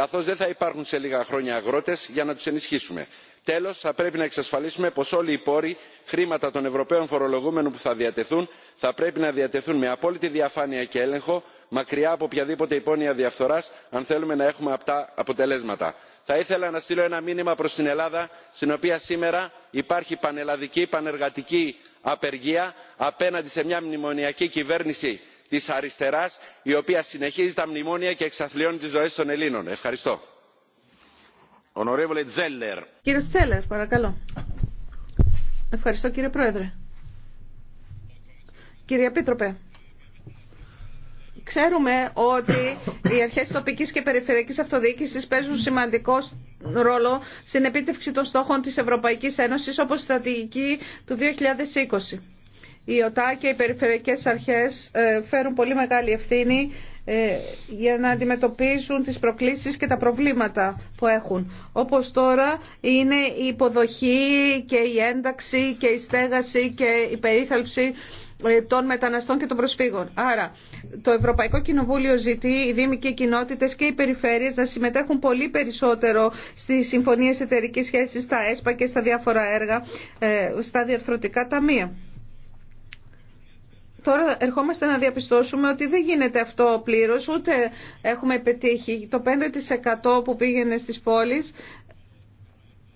καθώς δεν θα υπάρχουν σε λίγα χρόνια αγρότες για να τους ενισχύσουμε. τέλος θα πρέπει να εξασφαλίσουμε πως όλοι οι πόροι χρήματα των ευρωπαίων φορολογουμένων που θα διατεθούν θα πρέπει να διατεθούν με απόλυτη διαφάνεια και έλεγχο μακριά από οποιαδήποτε υπόνοια διαφθοράς αν θέλουμε να έχουμε απτά αποτελέσματα. θα ήθελα να στείλω ένα μήνυμα προς την ελλάδα στην οποία σήμερα υπάρχει πανελλαδική πανεργατική απεργία απέναντι σε μια μνημονιακή κυβέρνηση της αριστεράς η οποία συνεχίζει τα μνημόνια και εξαθλειώνει τις ζωές των Ελλήνων. Ευχαριστώ. Κύριε Τσέλερ, παρακαλώ. Ευχαριστώ κύριε Πρόεδρε. Κύριε Επίτροπε, ξέρουμε ότι οι αρχές τοπικής και περιφερειακής αυτοδιοίκησης παίζουν σημαντικό ρόλο στην επίτευξη των στόχων της Ευρωπαϊκής Ένωσης όπως στρατηγική του 2020 η ΟΤΑ και οι περιφερειακές αρχές ε, φέρουν πολύ μεγάλη ευθύνη ε, για να αντιμετωπίσουν τις προκλήσεις και τα προβλήματα που έχουν. Όπως τώρα είναι η υποδοχή και η ένταξη και η στέγαση και η περίθαλψη ε, των μεταναστών και των προσφύγων. Άρα, το Ευρωπαϊκό Κοινοβούλιο ζητεί οι Δήμοι και οι κοινότητε και οι περιφέρειες να συμμετέχουν πολύ περισσότερο στι συμφωνίε εταιρική σχέση, στα ΕΣΠΑ και στα διάφορα έργα, στα διαρθρωτικά ταμεία. Τώρα ερχόμαστε να διαπιστώσουμε ότι δεν γίνεται αυτό πλήρως, ούτε έχουμε πετύχει. Το 5% που πήγαινε στις πόλεις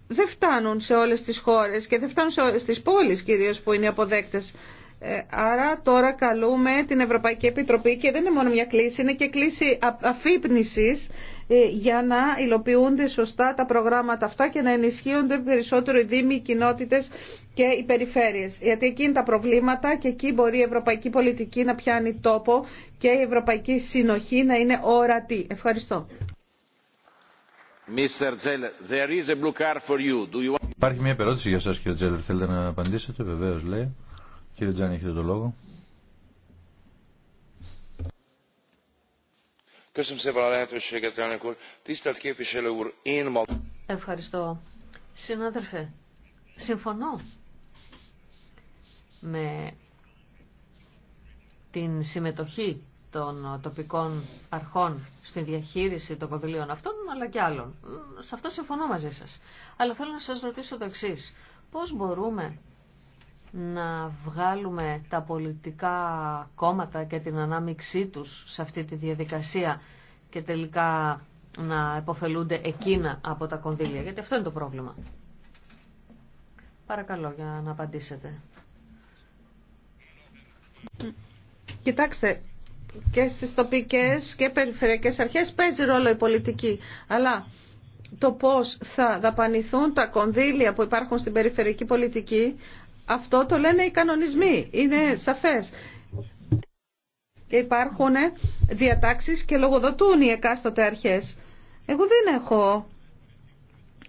δεν φτάνουν σε όλες τις χώρες και δεν φτάνουν σε όλες τις πόλεις κυρίως που είναι οι αποδέκτες. Ε, άρα τώρα καλούμε την Ευρωπαϊκή Επιτροπή και δεν είναι μόνο μια κλίση, είναι και κλίση αφύπνισης ε, για να υλοποιούνται σωστά τα προγράμματα αυτά και να ενισχύονται περισσότερο οι δήμοι, οι κοινότητες και οι περιφέρειες. Γιατί εκεί είναι τα προβλήματα και εκεί μπορεί η ευρωπαϊκή πολιτική να πιάνει τόπο και η ευρωπαϊκή συνοχή να είναι ορατή. Ευχαριστώ. Υπάρχει μια περώτηση για σας κύριε Τζέλερ. Θέλετε να απαντήσετε βεβαίως λέει. Κύριε Τζάνι έχετε το λόγο. Ευχαριστώ. Συνάδελφε, συμφωνώ με την συμμετοχή των τοπικών αρχών στη διαχείριση των κονδυλίων αυτών, αλλά και άλλων. Σε αυτό συμφωνώ μαζί σας. Αλλά θέλω να σας ρωτήσω το εξή. Πώς μπορούμε να βγάλουμε τα πολιτικά κόμματα και την ανάμειξή τους σε αυτή τη διαδικασία και τελικά να επωφελούνται εκείνα από τα κονδύλια, γιατί αυτό είναι το πρόβλημα. Παρακαλώ για να απαντήσετε. Κοιτάξτε, και στις τοπικές και περιφερειακές αρχές παίζει ρόλο η πολιτική. Αλλά το πώς θα δαπανηθούν τα κονδύλια που υπάρχουν στην περιφερειακή πολιτική, αυτό το λένε οι κανονισμοί. Είναι σαφές. Και υπάρχουν διατάξει και λογοδοτούν οι εκάστοτε αρχές. Εγώ δεν έχω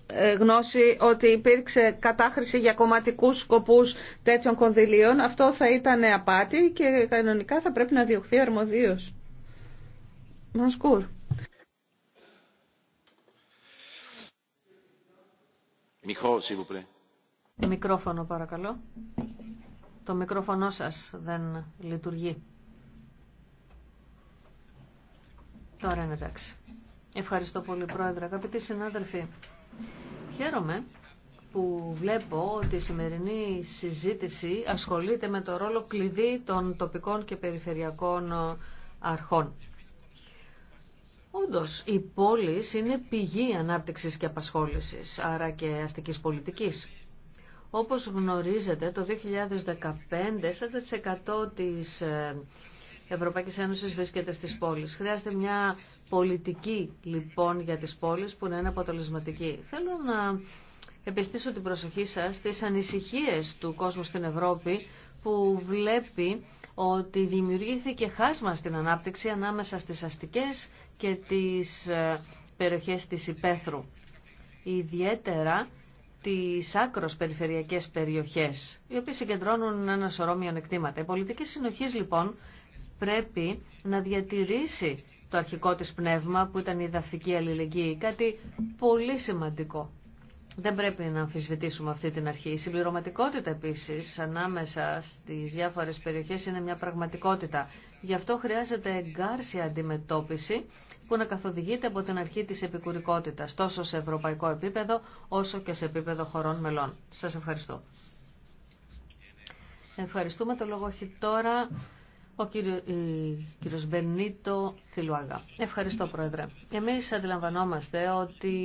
ε, γνώση ότι υπήρξε κατάχρηση για κομματικούς σκοπούς τέτοιων κονδυλίων, αυτό θα ήταν απάτη και κανονικά θα πρέπει να διωχθεί αρμοδίως. Μανσκούρ. Μικρόφωνο παρακαλώ. Το μικρόφωνο σας δεν λειτουργεί. Τώρα είναι εντάξει. Ευχαριστώ πολύ πρόεδρε. Αγαπητοί συνάδελφοι, Χαίρομαι που βλέπω ότι η σημερινή συζήτηση ασχολείται με το ρόλο κλειδί των τοπικών και περιφερειακών αρχών. Όντως, οι πόλεις είναι πηγή ανάπτυξης και απασχόλησης, άρα και αστικής πολιτικής. Όπως γνωρίζετε, το 2015, 40% της ε, Ευρωπαϊκή Ένωση βρίσκεται στι πόλεις. Χρειάζεται μια πολιτική λοιπόν για τις πόλεις που να είναι αποτελεσματική. Θέλω να επιστήσω την προσοχή σας στις ανησυχίε του κόσμου στην Ευρώπη που βλέπει ότι δημιουργήθηκε χάσμα στην ανάπτυξη ανάμεσα στις αστικές και τις ε, περιοχές της υπαίθρου. Ιδιαίτερα τις άκρος περιφερειακές περιοχές, οι οποίες συγκεντρώνουν ένα σωρό μειονεκτήματα. Η πολιτική συνοχής λοιπόν πρέπει να διατηρήσει το αρχικό της πνεύμα που ήταν η δαφική αλληλεγγύη, κάτι πολύ σημαντικό. Δεν πρέπει να αμφισβητήσουμε αυτή την αρχή. Η συμπληρωματικότητα επίσης ανάμεσα στις διάφορες περιοχές είναι μια πραγματικότητα. Γι' αυτό χρειάζεται εγκάρσια αντιμετώπιση που να καθοδηγείται από την αρχή της επικουρικότητας, τόσο σε ευρωπαϊκό επίπεδο όσο και σε επίπεδο χωρών μελών. Σας ευχαριστώ. Ευχαριστούμε. Το λόγο τώρα ο κύριο, ε, κύριος Μπενίτο Θηλουάγα. Ευχαριστώ Πρόεδρε. Εμείς αντιλαμβανόμαστε ότι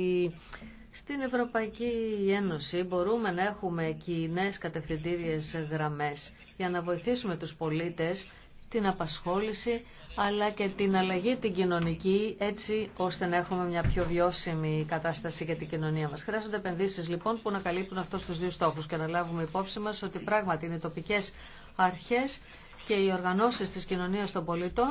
στην Ευρωπαϊκή Ένωση μπορούμε να έχουμε κοινέ κατευθυντήριες γραμμές για να βοηθήσουμε τους πολίτες την απασχόληση αλλά και την αλλαγή την κοινωνική έτσι ώστε να έχουμε μια πιο βιώσιμη κατάσταση για την κοινωνία μας. Χρειάζονται επενδύσεις λοιπόν που να καλύπτουν αυτούς τους δύο στόχους και να λάβουμε υπόψη μας ότι πράγματι είναι τοπικές αρχές και οι οργανώσεις της κοινωνίας των πολιτών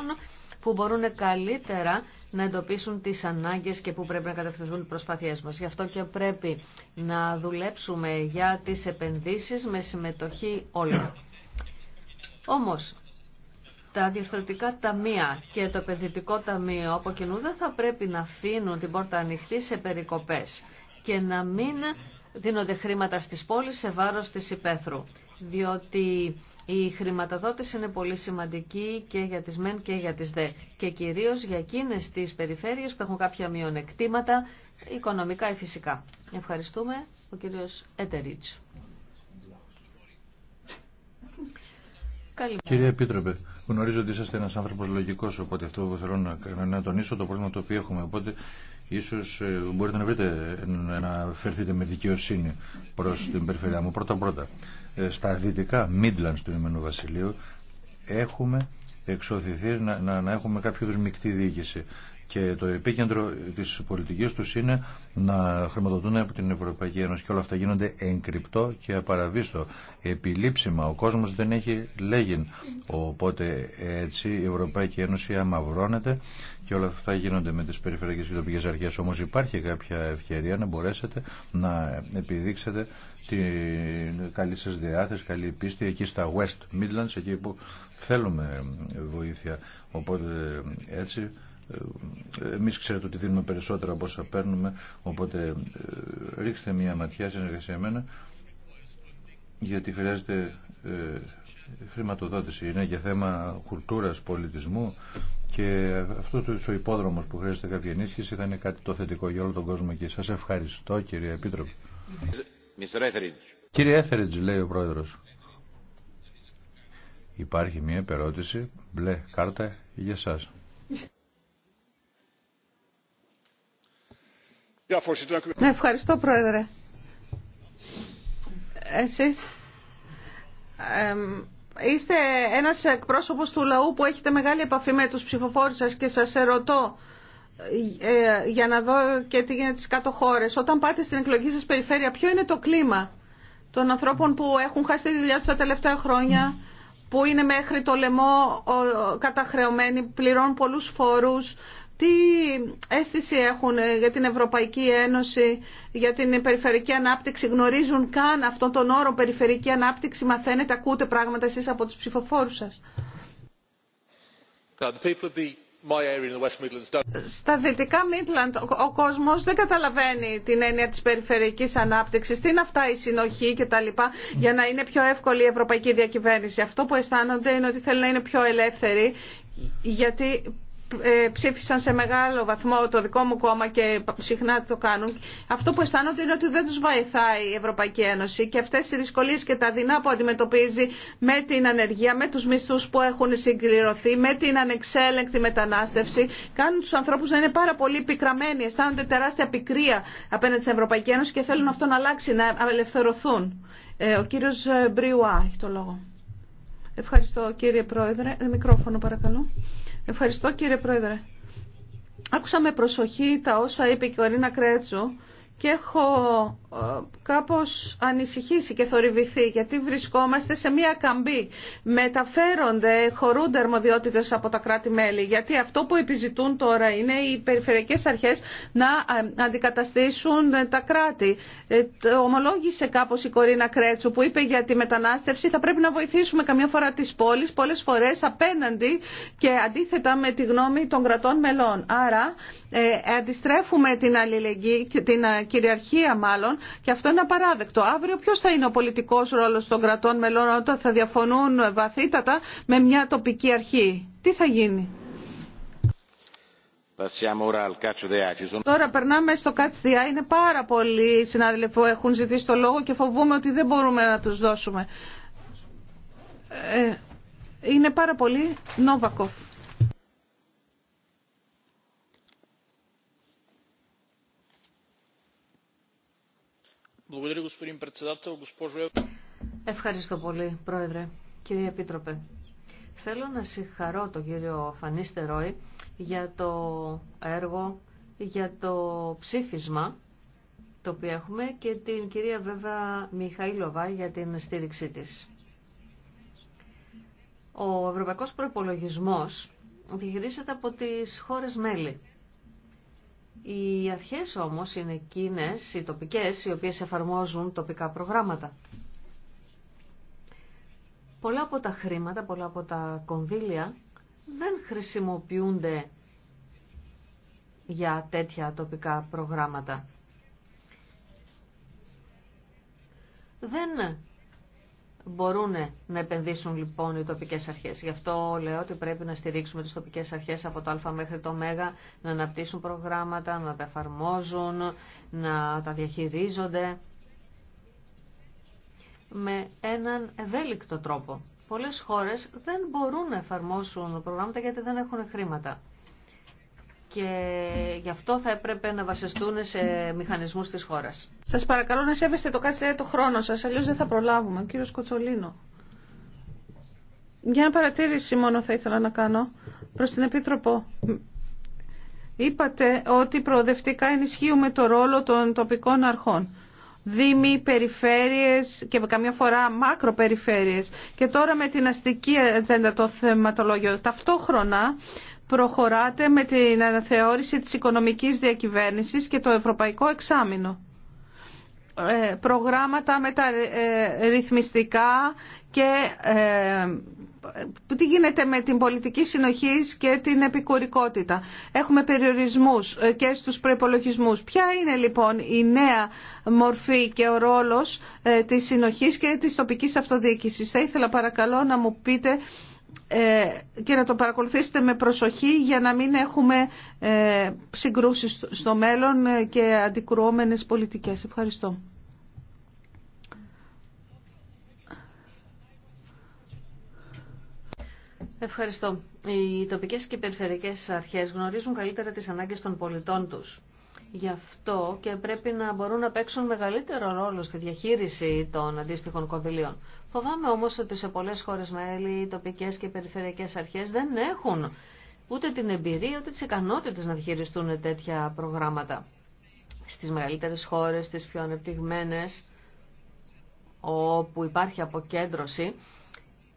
που μπορούν καλύτερα να εντοπίσουν τις ανάγκες και που πρέπει να κατευθυνθούν οι προσπάθειές μας. Γι' αυτό και πρέπει να δουλέψουμε για τις επενδύσεις με συμμετοχή όλων. Όμως, τα διευθυντικά ταμεία και το επενδυτικό ταμείο από κοινού δεν θα πρέπει να αφήνουν την πόρτα ανοιχτή σε περικοπές και να μην δίνονται χρήματα στις πόλεις σε βάρος της υπαίθρου. Διότι η χρηματοδότηση είναι πολύ σημαντική και για τις ΜΕΝ και για τις ΔΕ και κυρίως για εκείνες τις περιφέρειες που έχουν κάποια μειονεκτήματα οικονομικά ή φυσικά. Ευχαριστούμε. Ο κύριος Έτεριτς. Κύριε Επίτροπε, γνωρίζω ότι είσαστε ένας άνθρωπος λογικός, οπότε αυτό που θέλω να, να τονίσω το πρόβλημα το οποίο έχουμε. Οπότε ίσως ε, μπορείτε να βρείτε να φερθείτε με δικαιοσύνη προς την περιφέρεια μου. Πρώτα-πρώτα, ε, στα δυτικά Midlands του Ηνωμένου Βασιλείου έχουμε εξωθηθεί να, να, έχουμε κάποιο είδου μεικτή διοίκηση και το επίκεντρο τη πολιτική του είναι να χρηματοδοτούν από την Ευρωπαϊκή Ένωση και όλα αυτά γίνονται εγκρυπτό και απαραβίστο. Επιλήψιμα, ο κόσμο δεν έχει λέγην. Οπότε έτσι η Ευρωπαϊκή Ένωση αμαυρώνεται και όλα αυτά γίνονται με τι περιφερειακέ και τοπικέ αρχές. Όμως υπάρχει κάποια ευκαιρία να μπορέσετε να επιδείξετε την καλή σα διάθεση, καλή πίστη εκεί στα West Midlands, εκεί που θέλουμε βοήθεια. Οπότε έτσι ε, εμείς ξέρετε ότι δίνουμε περισσότερα από όσα παίρνουμε, οπότε ε, ρίξτε μια ματιά συνεργασία εμένα γιατί χρειάζεται ε, χρηματοδότηση. Είναι και θέμα κουλτούρας, πολιτισμού και αυτό ο υπόδρομος που χρειάζεται κάποια ενίσχυση θα είναι κάτι το θετικό για όλο τον κόσμο και σας ευχαριστώ κύριε Επίτροπη Κύριε Έθεριτζ λέει ο πρόεδρος. Υπάρχει μια περώτηση μπλε κάρτα για σας. Ναι, ευχαριστώ Πρόεδρε. Εσείς είστε ένας εκπρόσωπος του λαού που έχετε μεγάλη επαφή με τους ψηφοφόρους σας και σας ερωτώ ε, για να δω και τι γίνεται στις κάτω χώρες. Όταν πάτε στην εκλογή σας περιφέρεια, ποιο είναι το κλίμα των ανθρώπων που έχουν χάσει τη δουλειά τους τα τελευταία χρόνια, που είναι μέχρι το λαιμό καταχρεωμένοι, πληρώνουν πολλούς φόρους, τι αίσθηση έχουν για την Ευρωπαϊκή Ένωση, για την περιφερειακή ανάπτυξη. Γνωρίζουν καν αυτόν τον όρο περιφερειακή ανάπτυξη. Μαθαίνετε, ακούτε πράγματα εσείς από τους ψηφοφόρους σας. Στα δυτικά Μίτλαντ ο κόσμος δεν καταλαβαίνει την έννοια της περιφερειακής ανάπτυξης. Τι είναι αυτά η συνοχή και τα λοιπά για να είναι πιο εύκολη η ευρωπαϊκή διακυβέρνηση. Αυτό που αισθάνονται είναι ότι θέλουν να είναι πιο ελεύθεροι γιατί ε, ψήφισαν σε μεγάλο βαθμό το δικό μου κόμμα και συχνά το κάνουν, αυτό που αισθάνονται είναι ότι δεν τους βοηθάει η Ευρωπαϊκή Ένωση και αυτές οι δυσκολίες και τα δεινά που αντιμετωπίζει με την ανεργία, με τους μισθούς που έχουν συγκληρωθεί, με την ανεξέλεγκτη μετανάστευση, κάνουν τους ανθρώπους να είναι πάρα πολύ πικραμένοι, αισθάνονται τεράστια πικρία απέναντι στην Ευρωπαϊκή Ένωση και θέλουν αυτό να αλλάξει, να απελευθερωθούν. Ε, ο κύριος ε, Μπριουά έχει το λόγο. Ευχαριστώ κύριε Πρόεδρε. Μικρόφωνο παρακαλώ. Ευχαριστώ κύριε Πρόεδρε. Άκουσα με προσοχή τα όσα είπε η Κορίνα Κρέτσου και έχω ε, κάπως ανησυχήσει και θορυβηθεί γιατί βρισκόμαστε σε μια καμπή. Μεταφέρονται, χωρούνται αρμοδιότητες από τα κράτη-μέλη γιατί αυτό που επιζητούν τώρα είναι οι περιφερειακές αρχές να ε, αντικαταστήσουν τα κράτη. Ε, το ομολόγησε κάπως η Κορίνα Κρέτσου που είπε για τη μετανάστευση θα πρέπει να βοηθήσουμε καμιά φορά τις πόλεις πολλές φορές απέναντι και αντίθετα με τη γνώμη των κρατών μελών. Άρα αντιστρέφουμε την αλληλεγγύη και την κυριαρχία μάλλον και αυτό είναι απαράδεκτο. Αύριο ποιο θα είναι ο πολιτικό ρόλο των κρατών μελών όταν θα διαφωνούν βαθύτατα με μια τοπική αρχή. Τι θα γίνει. Τώρα περνάμε στο ΚΑΤΣΔΙΑ. Είναι πάρα πολλοί συνάδελφοι που έχουν ζητήσει το λόγο και φοβούμαι ότι δεν μπορούμε να τους δώσουμε. Ε, είναι πάρα πολύ Νόβακοφ. Ευχαριστώ πολύ, Πρόεδρε. Κύριε Επίτροπε, θέλω να συγχαρώ τον κύριο Φανίστε για το έργο, για το ψήφισμα το οποίο έχουμε και την κυρία βέβαια Μιχαήλοβα για την στήριξή της. Ο ευρωπαϊκός προϋπολογισμός διαχειρίζεται από τις χώρες μέλη οι αρχές όμως είναι εκείνες, οι τοπικές, οι οποίες εφαρμόζουν τοπικά προγράμματα. Πολλά από τα χρήματα, πολλά από τα κονδύλια δεν χρησιμοποιούνται για τέτοια τοπικά προγράμματα. Δεν μπορούν να επενδύσουν λοιπόν οι τοπικές αρχές. Γι' αυτό λέω ότι πρέπει να στηρίξουμε τις τοπικές αρχές από το Α μέχρι το μεγα, να αναπτύσσουν προγράμματα, να τα εφαρμόζουν, να τα διαχειρίζονται με έναν ευέλικτο τρόπο. Πολλές χώρες δεν μπορούν να εφαρμόσουν προγράμματα γιατί δεν έχουν χρήματα και γι' αυτό θα έπρεπε να βασιστούν σε μηχανισμούς της χώρας. Σας παρακαλώ να σέβεστε το κάτι το χρόνο σα αλλιώς δεν θα προλάβουμε. Κύριο Κοτσολίνο. Μια παρατήρηση μόνο θα ήθελα να κάνω προ την Επίτροπο. Είπατε ότι προοδευτικά ενισχύουμε το ρόλο των τοπικών αρχών. Δήμοι, περιφέρειες και καμιά φορά μακροπεριφέρειες. Και τώρα με την αστική ατζέντα το θεματολόγιο. Ταυτόχρονα προχωράτε με την αναθεώρηση της οικονομικής διακυβέρνησης και το ευρωπαϊκό εξάμεινο. Ε, προγράμματα ρυθμιστικά και ε, τι γίνεται με την πολιτική συνοχή και την επικουρικότητα. Έχουμε περιορισμούς ε, και στους προπολογισμού. Ποια είναι λοιπόν η νέα μορφή και ο ρόλος της συνοχής και της τοπικής αυτοδιοίκησης. Θα ήθελα παρακαλώ να μου πείτε ε, και να το παρακολουθήσετε με προσοχή για να μην έχουμε ε, συγκρούσεις στο μέλλον ε, και αντικρουόμενες πολιτικές. Ευχαριστώ. Ευχαριστώ. Οι τοπικές και περιφερειακές αρχές γνωρίζουν καλύτερα τις ανάγκες των πολιτών τους. Γι' αυτό και πρέπει να μπορούν να παίξουν μεγαλύτερο ρόλο στη διαχείριση των αντίστοιχων κονδυλίων. Φοβάμαι όμως ότι σε πολλές χώρες μέλη, οι τοπικές και περιφερειακές αρχές δεν έχουν ούτε την εμπειρία, ούτε τις ικανότητες να διαχειριστούν τέτοια προγράμματα. Στις μεγαλύτερες χώρες, στις πιο ανεπτυγμένες, όπου υπάρχει αποκέντρωση,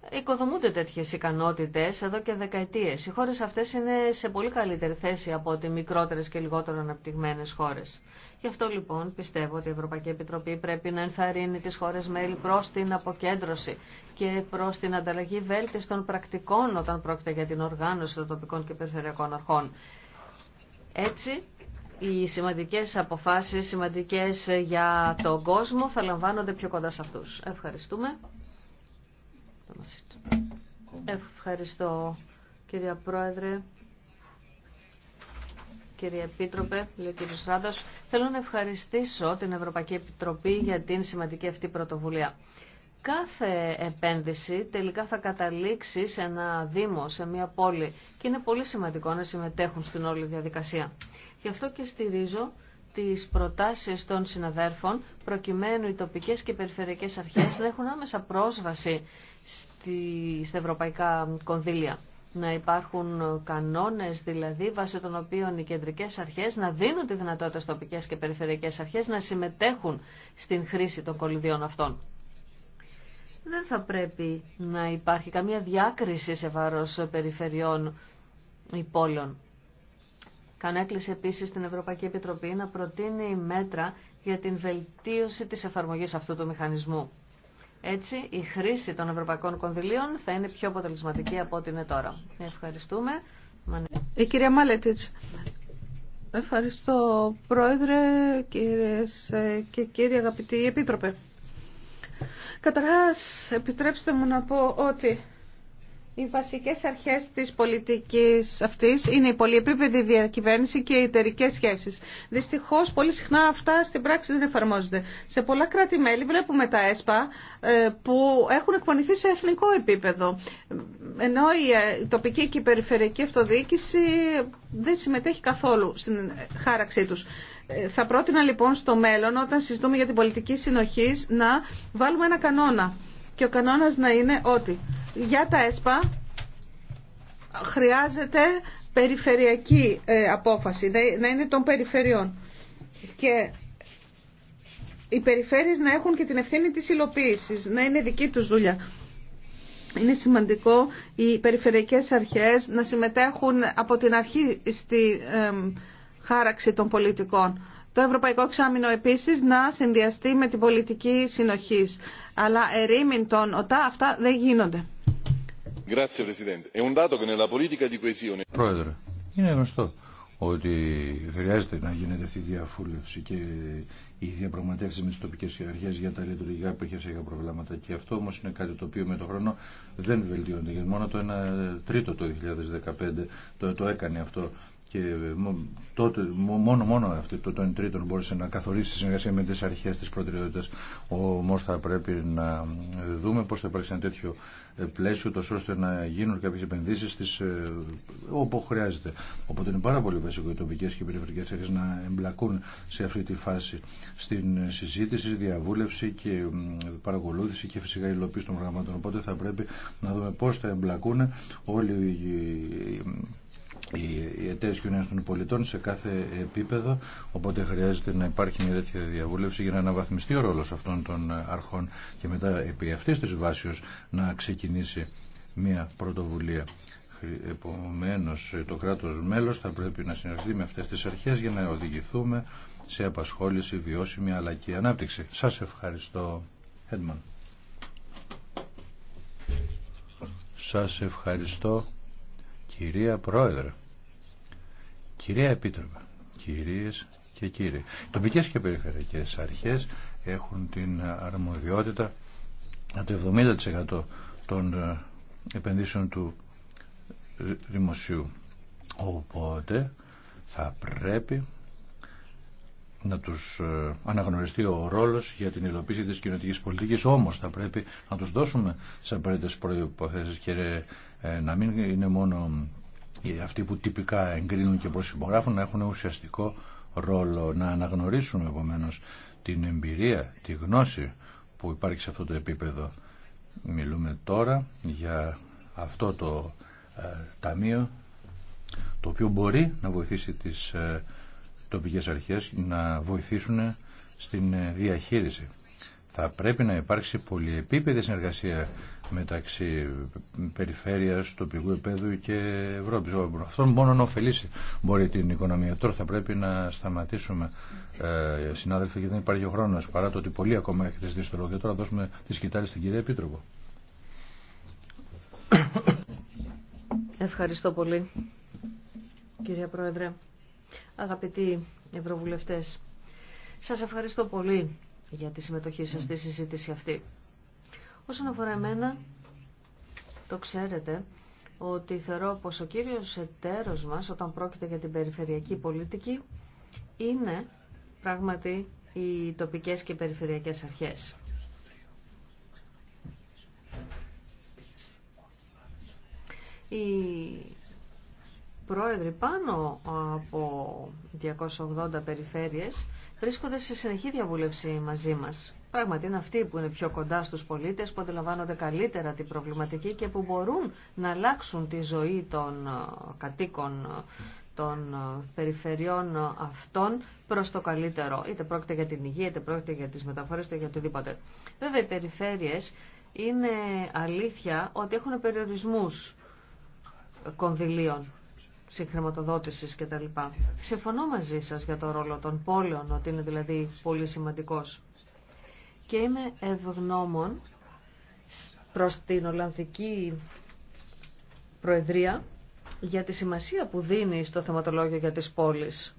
οικοδομούνται τέτοιες ικανότητες εδώ και δεκαετίες. Οι χώρες αυτές είναι σε πολύ καλύτερη θέση από ότι μικρότερες και λιγότερο αναπτυγμένες χώρες. Γι' αυτό λοιπόν πιστεύω ότι η Ευρωπαϊκή Επιτροπή πρέπει να ενθαρρύνει τις χώρες μέλη προς την αποκέντρωση και προς την ανταλλαγή βέλτιστων πρακτικών όταν πρόκειται για την οργάνωση των τοπικών και περιφερειακών αρχών. Έτσι, οι σημαντικές αποφάσεις, σημαντικές για τον κόσμο, θα λαμβάνονται πιο κοντά σε αυτούς. Ευχαριστούμε. Ευχαριστώ κυρία Πρόεδρε, κύριε Επίτροπε, λέει κύριο Θέλω να ευχαριστήσω την Ευρωπαϊκή Επιτροπή για την σημαντική αυτή πρωτοβουλία. Κάθε επένδυση τελικά θα καταλήξει σε ένα δήμο, σε μια πόλη και είναι πολύ σημαντικό να συμμετέχουν στην όλη διαδικασία. Γι' αυτό και στηρίζω τις προτάσεις των συναδέρφων προκειμένου οι τοπικές και περιφερειακές αρχές να έχουν άμεσα πρόσβαση στα ευρωπαϊκά κονδύλια. Να υπάρχουν κανόνες δηλαδή βάσει των οποίων οι κεντρικές αρχές να δίνουν τη δυνατότητα στις τοπικές και περιφερειακές αρχές να συμμετέχουν στην χρήση των κολυδιών αυτών. Δεν θα πρέπει να υπάρχει καμία διάκριση σε βάρος περιφερειών ή πόλεων. Κανέκλεισε επίσης στην Ευρωπαϊκή Επιτροπή να προτείνει μέτρα για την βελτίωση της εφαρμογής αυτού του μηχανισμού. Έτσι, η χρήση των ευρωπαϊκών κονδυλίων θα είναι πιο αποτελεσματική από ό,τι είναι τώρα. Ευχαριστούμε. Η ε, κυρία Μάλετιτς. Ευχαριστώ, Πρόεδρε, κυρίες ε, και κύριοι αγαπητοί Επίτροπε. Καταρχάς, επιτρέψτε μου να πω ότι οι βασικέ αρχές τη πολιτική αυτή είναι η πολυεπίπεδη διακυβέρνηση και οι εταιρικέ σχέσεις. Δυστυχώς πολύ συχνά αυτά στην πράξη δεν εφαρμόζονται. Σε πολλά κράτη-μέλη βλέπουμε τα ΕΣΠΑ ε, που έχουν εκπονηθεί σε εθνικό επίπεδο. Ενώ ε, η τοπική και η περιφερειακή αυτοδιοίκηση δεν συμμετέχει καθόλου στην χάραξή του. Ε, θα πρότεινα λοιπόν στο μέλλον όταν συζητούμε για την πολιτική συνοχή να βάλουμε ένα κανόνα και ο κανόνας να είναι ότι για τα ΕΣΠΑ χρειάζεται περιφερειακή ε, απόφαση, να είναι των περιφερειών. Και οι περιφέρειες να έχουν και την ευθύνη της υλοποίησης, να είναι δική τους δουλειά. Είναι σημαντικό οι περιφερειακές αρχές να συμμετέχουν από την αρχή στη ε, χάραξη των πολιτικών το Ευρωπαϊκό Εξάμεινο επίσης να συνδυαστεί με την πολιτική συνοχής. Αλλά ερήμην των ΟΤΑ αυτά δεν γίνονται. Πρόεδρε, είναι γνωστό ότι χρειάζεται να γίνεται αυτή η διαφούλευση και οι διαπραγματεύσει με τι τοπικέ αρχέ για τα λειτουργικά σε προβλήματα. Και αυτό όμω είναι κάτι το οποίο με τον χρόνο δεν βελτιώνεται. Γιατί μόνο το 1 τρίτο το 2015 το, το έκανε αυτό και τότε, μόνο, μόνο αυτό το τόν τρίτον μπόρεσε να καθορίσει τη συνεργασία με τι αρχέ, τη προτεραιότητας. όμω θα πρέπει να δούμε πώ θα υπάρξει ένα τέτοιο ε, πλαίσιο τόσο ώστε να γίνουν κάποιε επενδύσει ε, όπου χρειάζεται. Οπότε είναι πάρα πολύ βασικό οι τοπικέ και οι περιφερειακές να εμπλακούν σε αυτή τη φάση στην συζήτηση, διαβούλευση και παρακολούθηση και φυσικά υλοποίηση των προγραμμάτων. Οπότε θα πρέπει να δούμε πώ θα εμπλακούν όλοι οι οι εταίρε κοινωνία των πολιτών σε κάθε επίπεδο. Οπότε χρειάζεται να υπάρχει μια τέτοια διαβούλευση για να αναβαθμιστεί ο ρόλο αυτών των αρχών και μετά επί αυτή τη βάση να ξεκινήσει μια πρωτοβουλία. Επομένω, το κράτο μέλο θα πρέπει να συνεργαστεί με αυτέ τι αρχέ για να οδηγηθούμε σε απασχόληση, βιώσιμη αλλά και ανάπτυξη. Σα ευχαριστώ, Χέντμαν. Σας ευχαριστώ κυρία Πρόεδρε. Κυρία Επίτροπα, κυρίες και κύριοι, τοπικές και περιφερειακές αρχές έχουν την αρμοδιότητα το 70% των ε, επενδύσεων του δημοσίου. Οπότε θα πρέπει να τους ε, αναγνωριστεί ο ρόλος για την υλοποίηση της κοινωνικής πολιτικής, όμως θα πρέπει να τους δώσουμε τις απαραίτητες προϋποθέσεις και ε, να μην είναι μόνο αυτοί που τυπικά εγκρίνουν και προσυμπογράφουν να έχουν ουσιαστικό ρόλο να αναγνωρίσουν επομένω την εμπειρία, τη γνώση που υπάρχει σε αυτό το επίπεδο. Μιλούμε τώρα για αυτό το ε, ταμείο το οποίο μπορεί να βοηθήσει τις ε, τοπικές αρχές να βοηθήσουν στην ε, διαχείριση θα πρέπει να υπάρξει πολυεπίπεδη συνεργασία μεταξύ περιφέρειας, τοπικού επέδου και Ευρώπης. Αυτό μόνο να ωφελήσει μπορεί την οικονομία. Τώρα θα πρέπει να σταματήσουμε, ε, συνάδελφοι, γιατί δεν υπάρχει ο χρόνος, παρά το ότι πολλοί ακόμα έχετε ζητήσει το λόγο. Και τώρα δώσουμε τη σκητάλη στην κυρία Επίτροπο. Ευχαριστώ πολύ, κυρία Πρόεδρε. Αγαπητοί Ευρωβουλευτές, σας ευχαριστώ πολύ για τη συμμετοχή σας στη συζήτηση αυτή. Όσον αφορά εμένα, το ξέρετε ότι θεωρώ πως ο κύριος εταίρος μας όταν πρόκειται για την περιφερειακή πολιτική είναι πράγματι οι τοπικές και περιφερειακές αρχές. Οι πρόεδροι πάνω από 280 περιφέρειες βρίσκονται σε συνεχή διαβούλευση μαζί μας. Πράγματι είναι αυτοί που είναι πιο κοντά στους πολίτες, που αντιλαμβάνονται καλύτερα την προβληματική και που μπορούν να αλλάξουν τη ζωή των ε, κατοίκων ε, των ε, περιφερειών αυτών προς το καλύτερο. Είτε πρόκειται για την υγεία, είτε πρόκειται για τις μεταφορές, είτε για οτιδήποτε. Βέβαια οι περιφέρειες είναι αλήθεια ότι έχουν περιορισμούς κονδυλίων συγχρηματοδότησης κτλ. Συμφωνώ μαζί σας για το ρόλο των πόλεων, ότι είναι δηλαδή πολύ σημαντικός. Και είμαι ευγνώμων προς την Ολλανδική Προεδρία για τη σημασία που δίνει στο θεματολόγιο για τις πόλεις.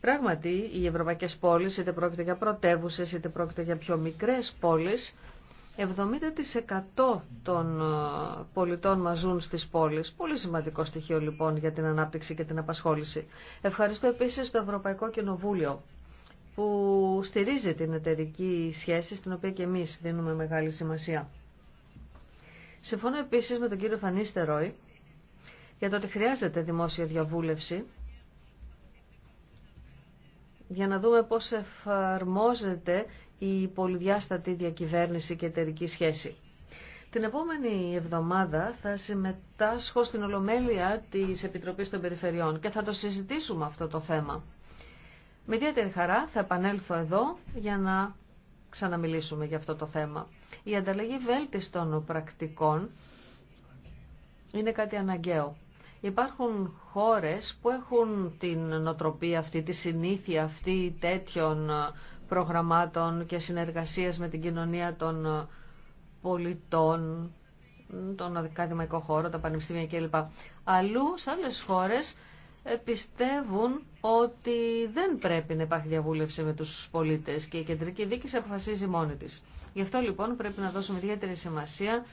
Πράγματι, οι ευρωπαϊκές πόλεις, είτε πρόκειται για πρωτεύουσες, είτε πρόκειται για πιο μικρές πόλεις, 70% των ε, πολιτών μας ζουν στις πόλεις. Πολύ σημαντικό στοιχείο λοιπόν για την ανάπτυξη και την απασχόληση. Ευχαριστώ επίσης το Ευρωπαϊκό Κοινοβούλιο που στηρίζει την εταιρική σχέση στην οποία και εμείς δίνουμε μεγάλη σημασία. Συμφωνώ επίσης με τον κύριο Φανίστεροι, για το ότι χρειάζεται δημόσια διαβούλευση για να δούμε πώς εφαρμόζεται η πολυδιάστατη διακυβέρνηση και εταιρική σχέση. Την επόμενη εβδομάδα θα συμμετάσχω στην Ολομέλεια της Επιτροπής των Περιφερειών και θα το συζητήσουμε αυτό το θέμα. Με ιδιαίτερη χαρά θα επανέλθω εδώ για να ξαναμιλήσουμε για αυτό το θέμα. Η ανταλλαγή βέλτιστων πρακτικών είναι κάτι αναγκαίο. Υπάρχουν χώρες που έχουν την νοτροπία αυτή, τη συνήθεια αυτή τέτοιων προγραμμάτων και συνεργασίας με την κοινωνία των πολιτών, τον ακαδημαϊκό χώρο, τα πανεπιστήμια κλπ. Αλλού, σε άλλες χώρες, ε, πιστεύουν ότι δεν πρέπει να υπάρχει διαβούλευση με τους πολίτες και η κεντρική δίκηση αποφασίζει μόνη της. Γι' αυτό λοιπόν πρέπει να δώσουμε ιδιαίτερη σημασία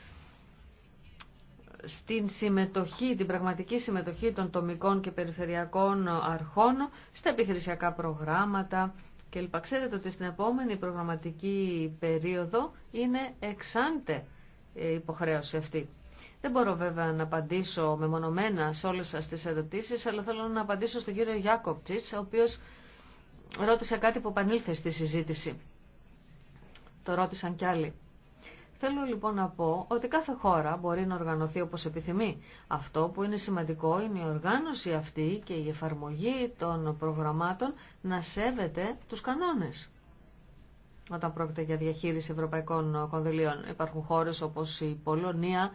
στην συμμετοχή, την πραγματική συμμετοχή των τομικών και περιφερειακών αρχών στα επιχειρησιακά προγράμματα, κλπ. Ξέρετε ότι στην επόμενη προγραμματική περίοδο είναι εξάντε ε, υποχρέωση αυτή. Δεν μπορώ βέβαια να απαντήσω μεμονωμένα σε όλες σας τις ερωτήσεις, αλλά θέλω να απαντήσω στον κύριο Γιάκοπτσιτς, ο οποίος ρώτησε κάτι που επανήλθε στη συζήτηση. Το ρώτησαν κι άλλοι. Θέλω λοιπόν να πω ότι κάθε χώρα μπορεί να οργανωθεί όπως επιθυμεί. Αυτό που είναι σημαντικό είναι η οργάνωση αυτή και η εφαρμογή των προγραμμάτων να σέβεται τους κανόνες. Όταν πρόκειται για διαχείριση ευρωπαϊκών κονδυλίων υπάρχουν χώρες όπως η Πολωνία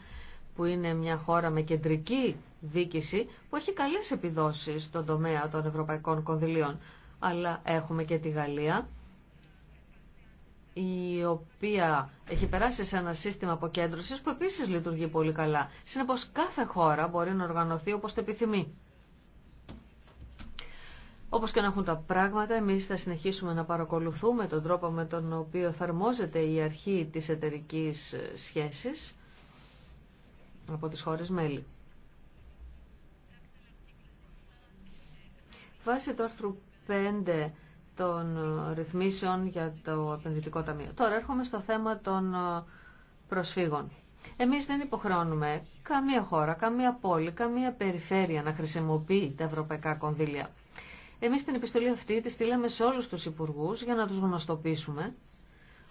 που είναι μια χώρα με κεντρική δίκηση που έχει καλές επιδόσεις στον τομέα των ευρωπαϊκών κονδυλίων. Αλλά έχουμε και τη Γαλλία η οποία έχει περάσει σε ένα σύστημα αποκέντρωσης που επίσης λειτουργεί πολύ καλά. Συνεπώς κάθε χώρα μπορεί να οργανωθεί όπως το επιθυμεί. Όπως και να έχουν τα πράγματα, εμείς θα συνεχίσουμε να παρακολουθούμε τον τρόπο με τον οποίο εφαρμόζεται η αρχή της εταιρική σχέσης από τις χώρες μέλη. Βάσει το άρθρου 5 των ε, ρυθμίσεων για το επενδυτικό ταμείο. Τώρα έρχομαι στο θέμα των ε, προσφύγων. Εμείς δεν υποχρεώνουμε καμία χώρα, καμία πόλη, καμία περιφέρεια να χρησιμοποιεί τα ευρωπαϊκά κονδύλια. Εμείς την επιστολή αυτή τη στείλαμε σε όλους τους υπουργούς για να τους γνωστοποιήσουμε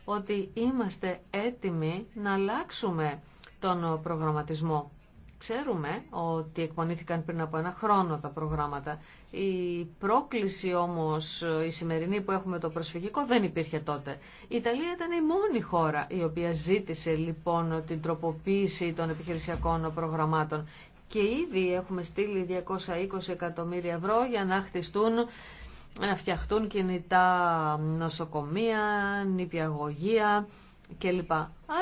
ότι είμαστε έτοιμοι να αλλάξουμε τον προγραμματισμό Ξέρουμε ότι εκπονήθηκαν πριν από ένα χρόνο τα προγράμματα. Η πρόκληση όμως η σημερινή που έχουμε το προσφυγικό δεν υπήρχε τότε. Η Ιταλία ήταν η μόνη χώρα η οποία ζήτησε λοιπόν την τροποποίηση των επιχειρησιακών προγραμμάτων και ήδη έχουμε στείλει 220 εκατομμύρια ευρώ για να χτιστούν να φτιαχτούν κινητά νοσοκομεία, νηπιαγωγεία κλπ.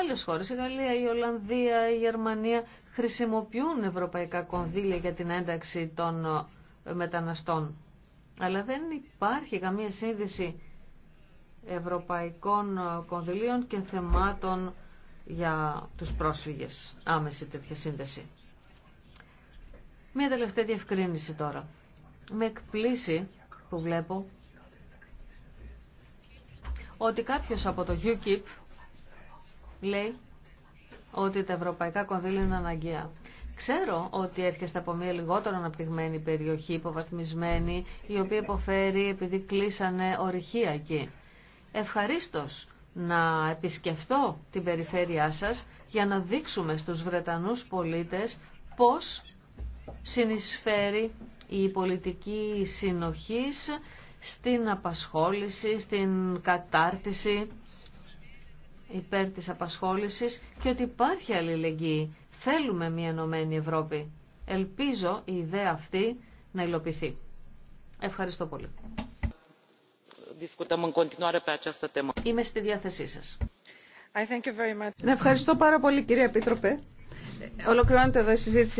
Άλλες χώρες, η Γαλλία, η Ολλανδία, η Γερμανία χρησιμοποιούν ευρωπαϊκά κονδύλια για την ένταξη των ε, μεταναστών. Αλλά δεν υπάρχει καμία σύνδεση ευρωπαϊκών ε, κονδυλίων και θεμάτων για τους πρόσφυγες. Άμεση τέτοια σύνδεση. Μία τελευταία διευκρίνηση τώρα. Με εκπλήσει που βλέπω ότι κάποιος από το UKIP λέει ότι τα ευρωπαϊκά κονδύλια είναι αναγκαία. Ξέρω ότι έρχεστε από μια λιγότερο αναπτυγμένη περιοχή, υποβαθμισμένη, η οποία υποφέρει επειδή κλείσανε ορυχεία εκεί. Ευχαρίστως να επισκεφτώ την περιφέρειά σας για να δείξουμε στους Βρετανούς πολίτες πώς συνεισφέρει η πολιτική συνοχής στην απασχόληση, στην κατάρτιση υπέρ της απασχόλησης και ότι υπάρχει αλληλεγγύη. Θέλουμε μια ενωμένη Ευρώπη. Ελπίζω η ιδέα αυτή να υλοποιηθεί. Ευχαριστώ πολύ. Είμαι στη διάθεσή σας. Ευχαριστώ πάρα πολύ κυρία Επίτροπε. Ολοκληρώνεται εδώ η συζήτηση.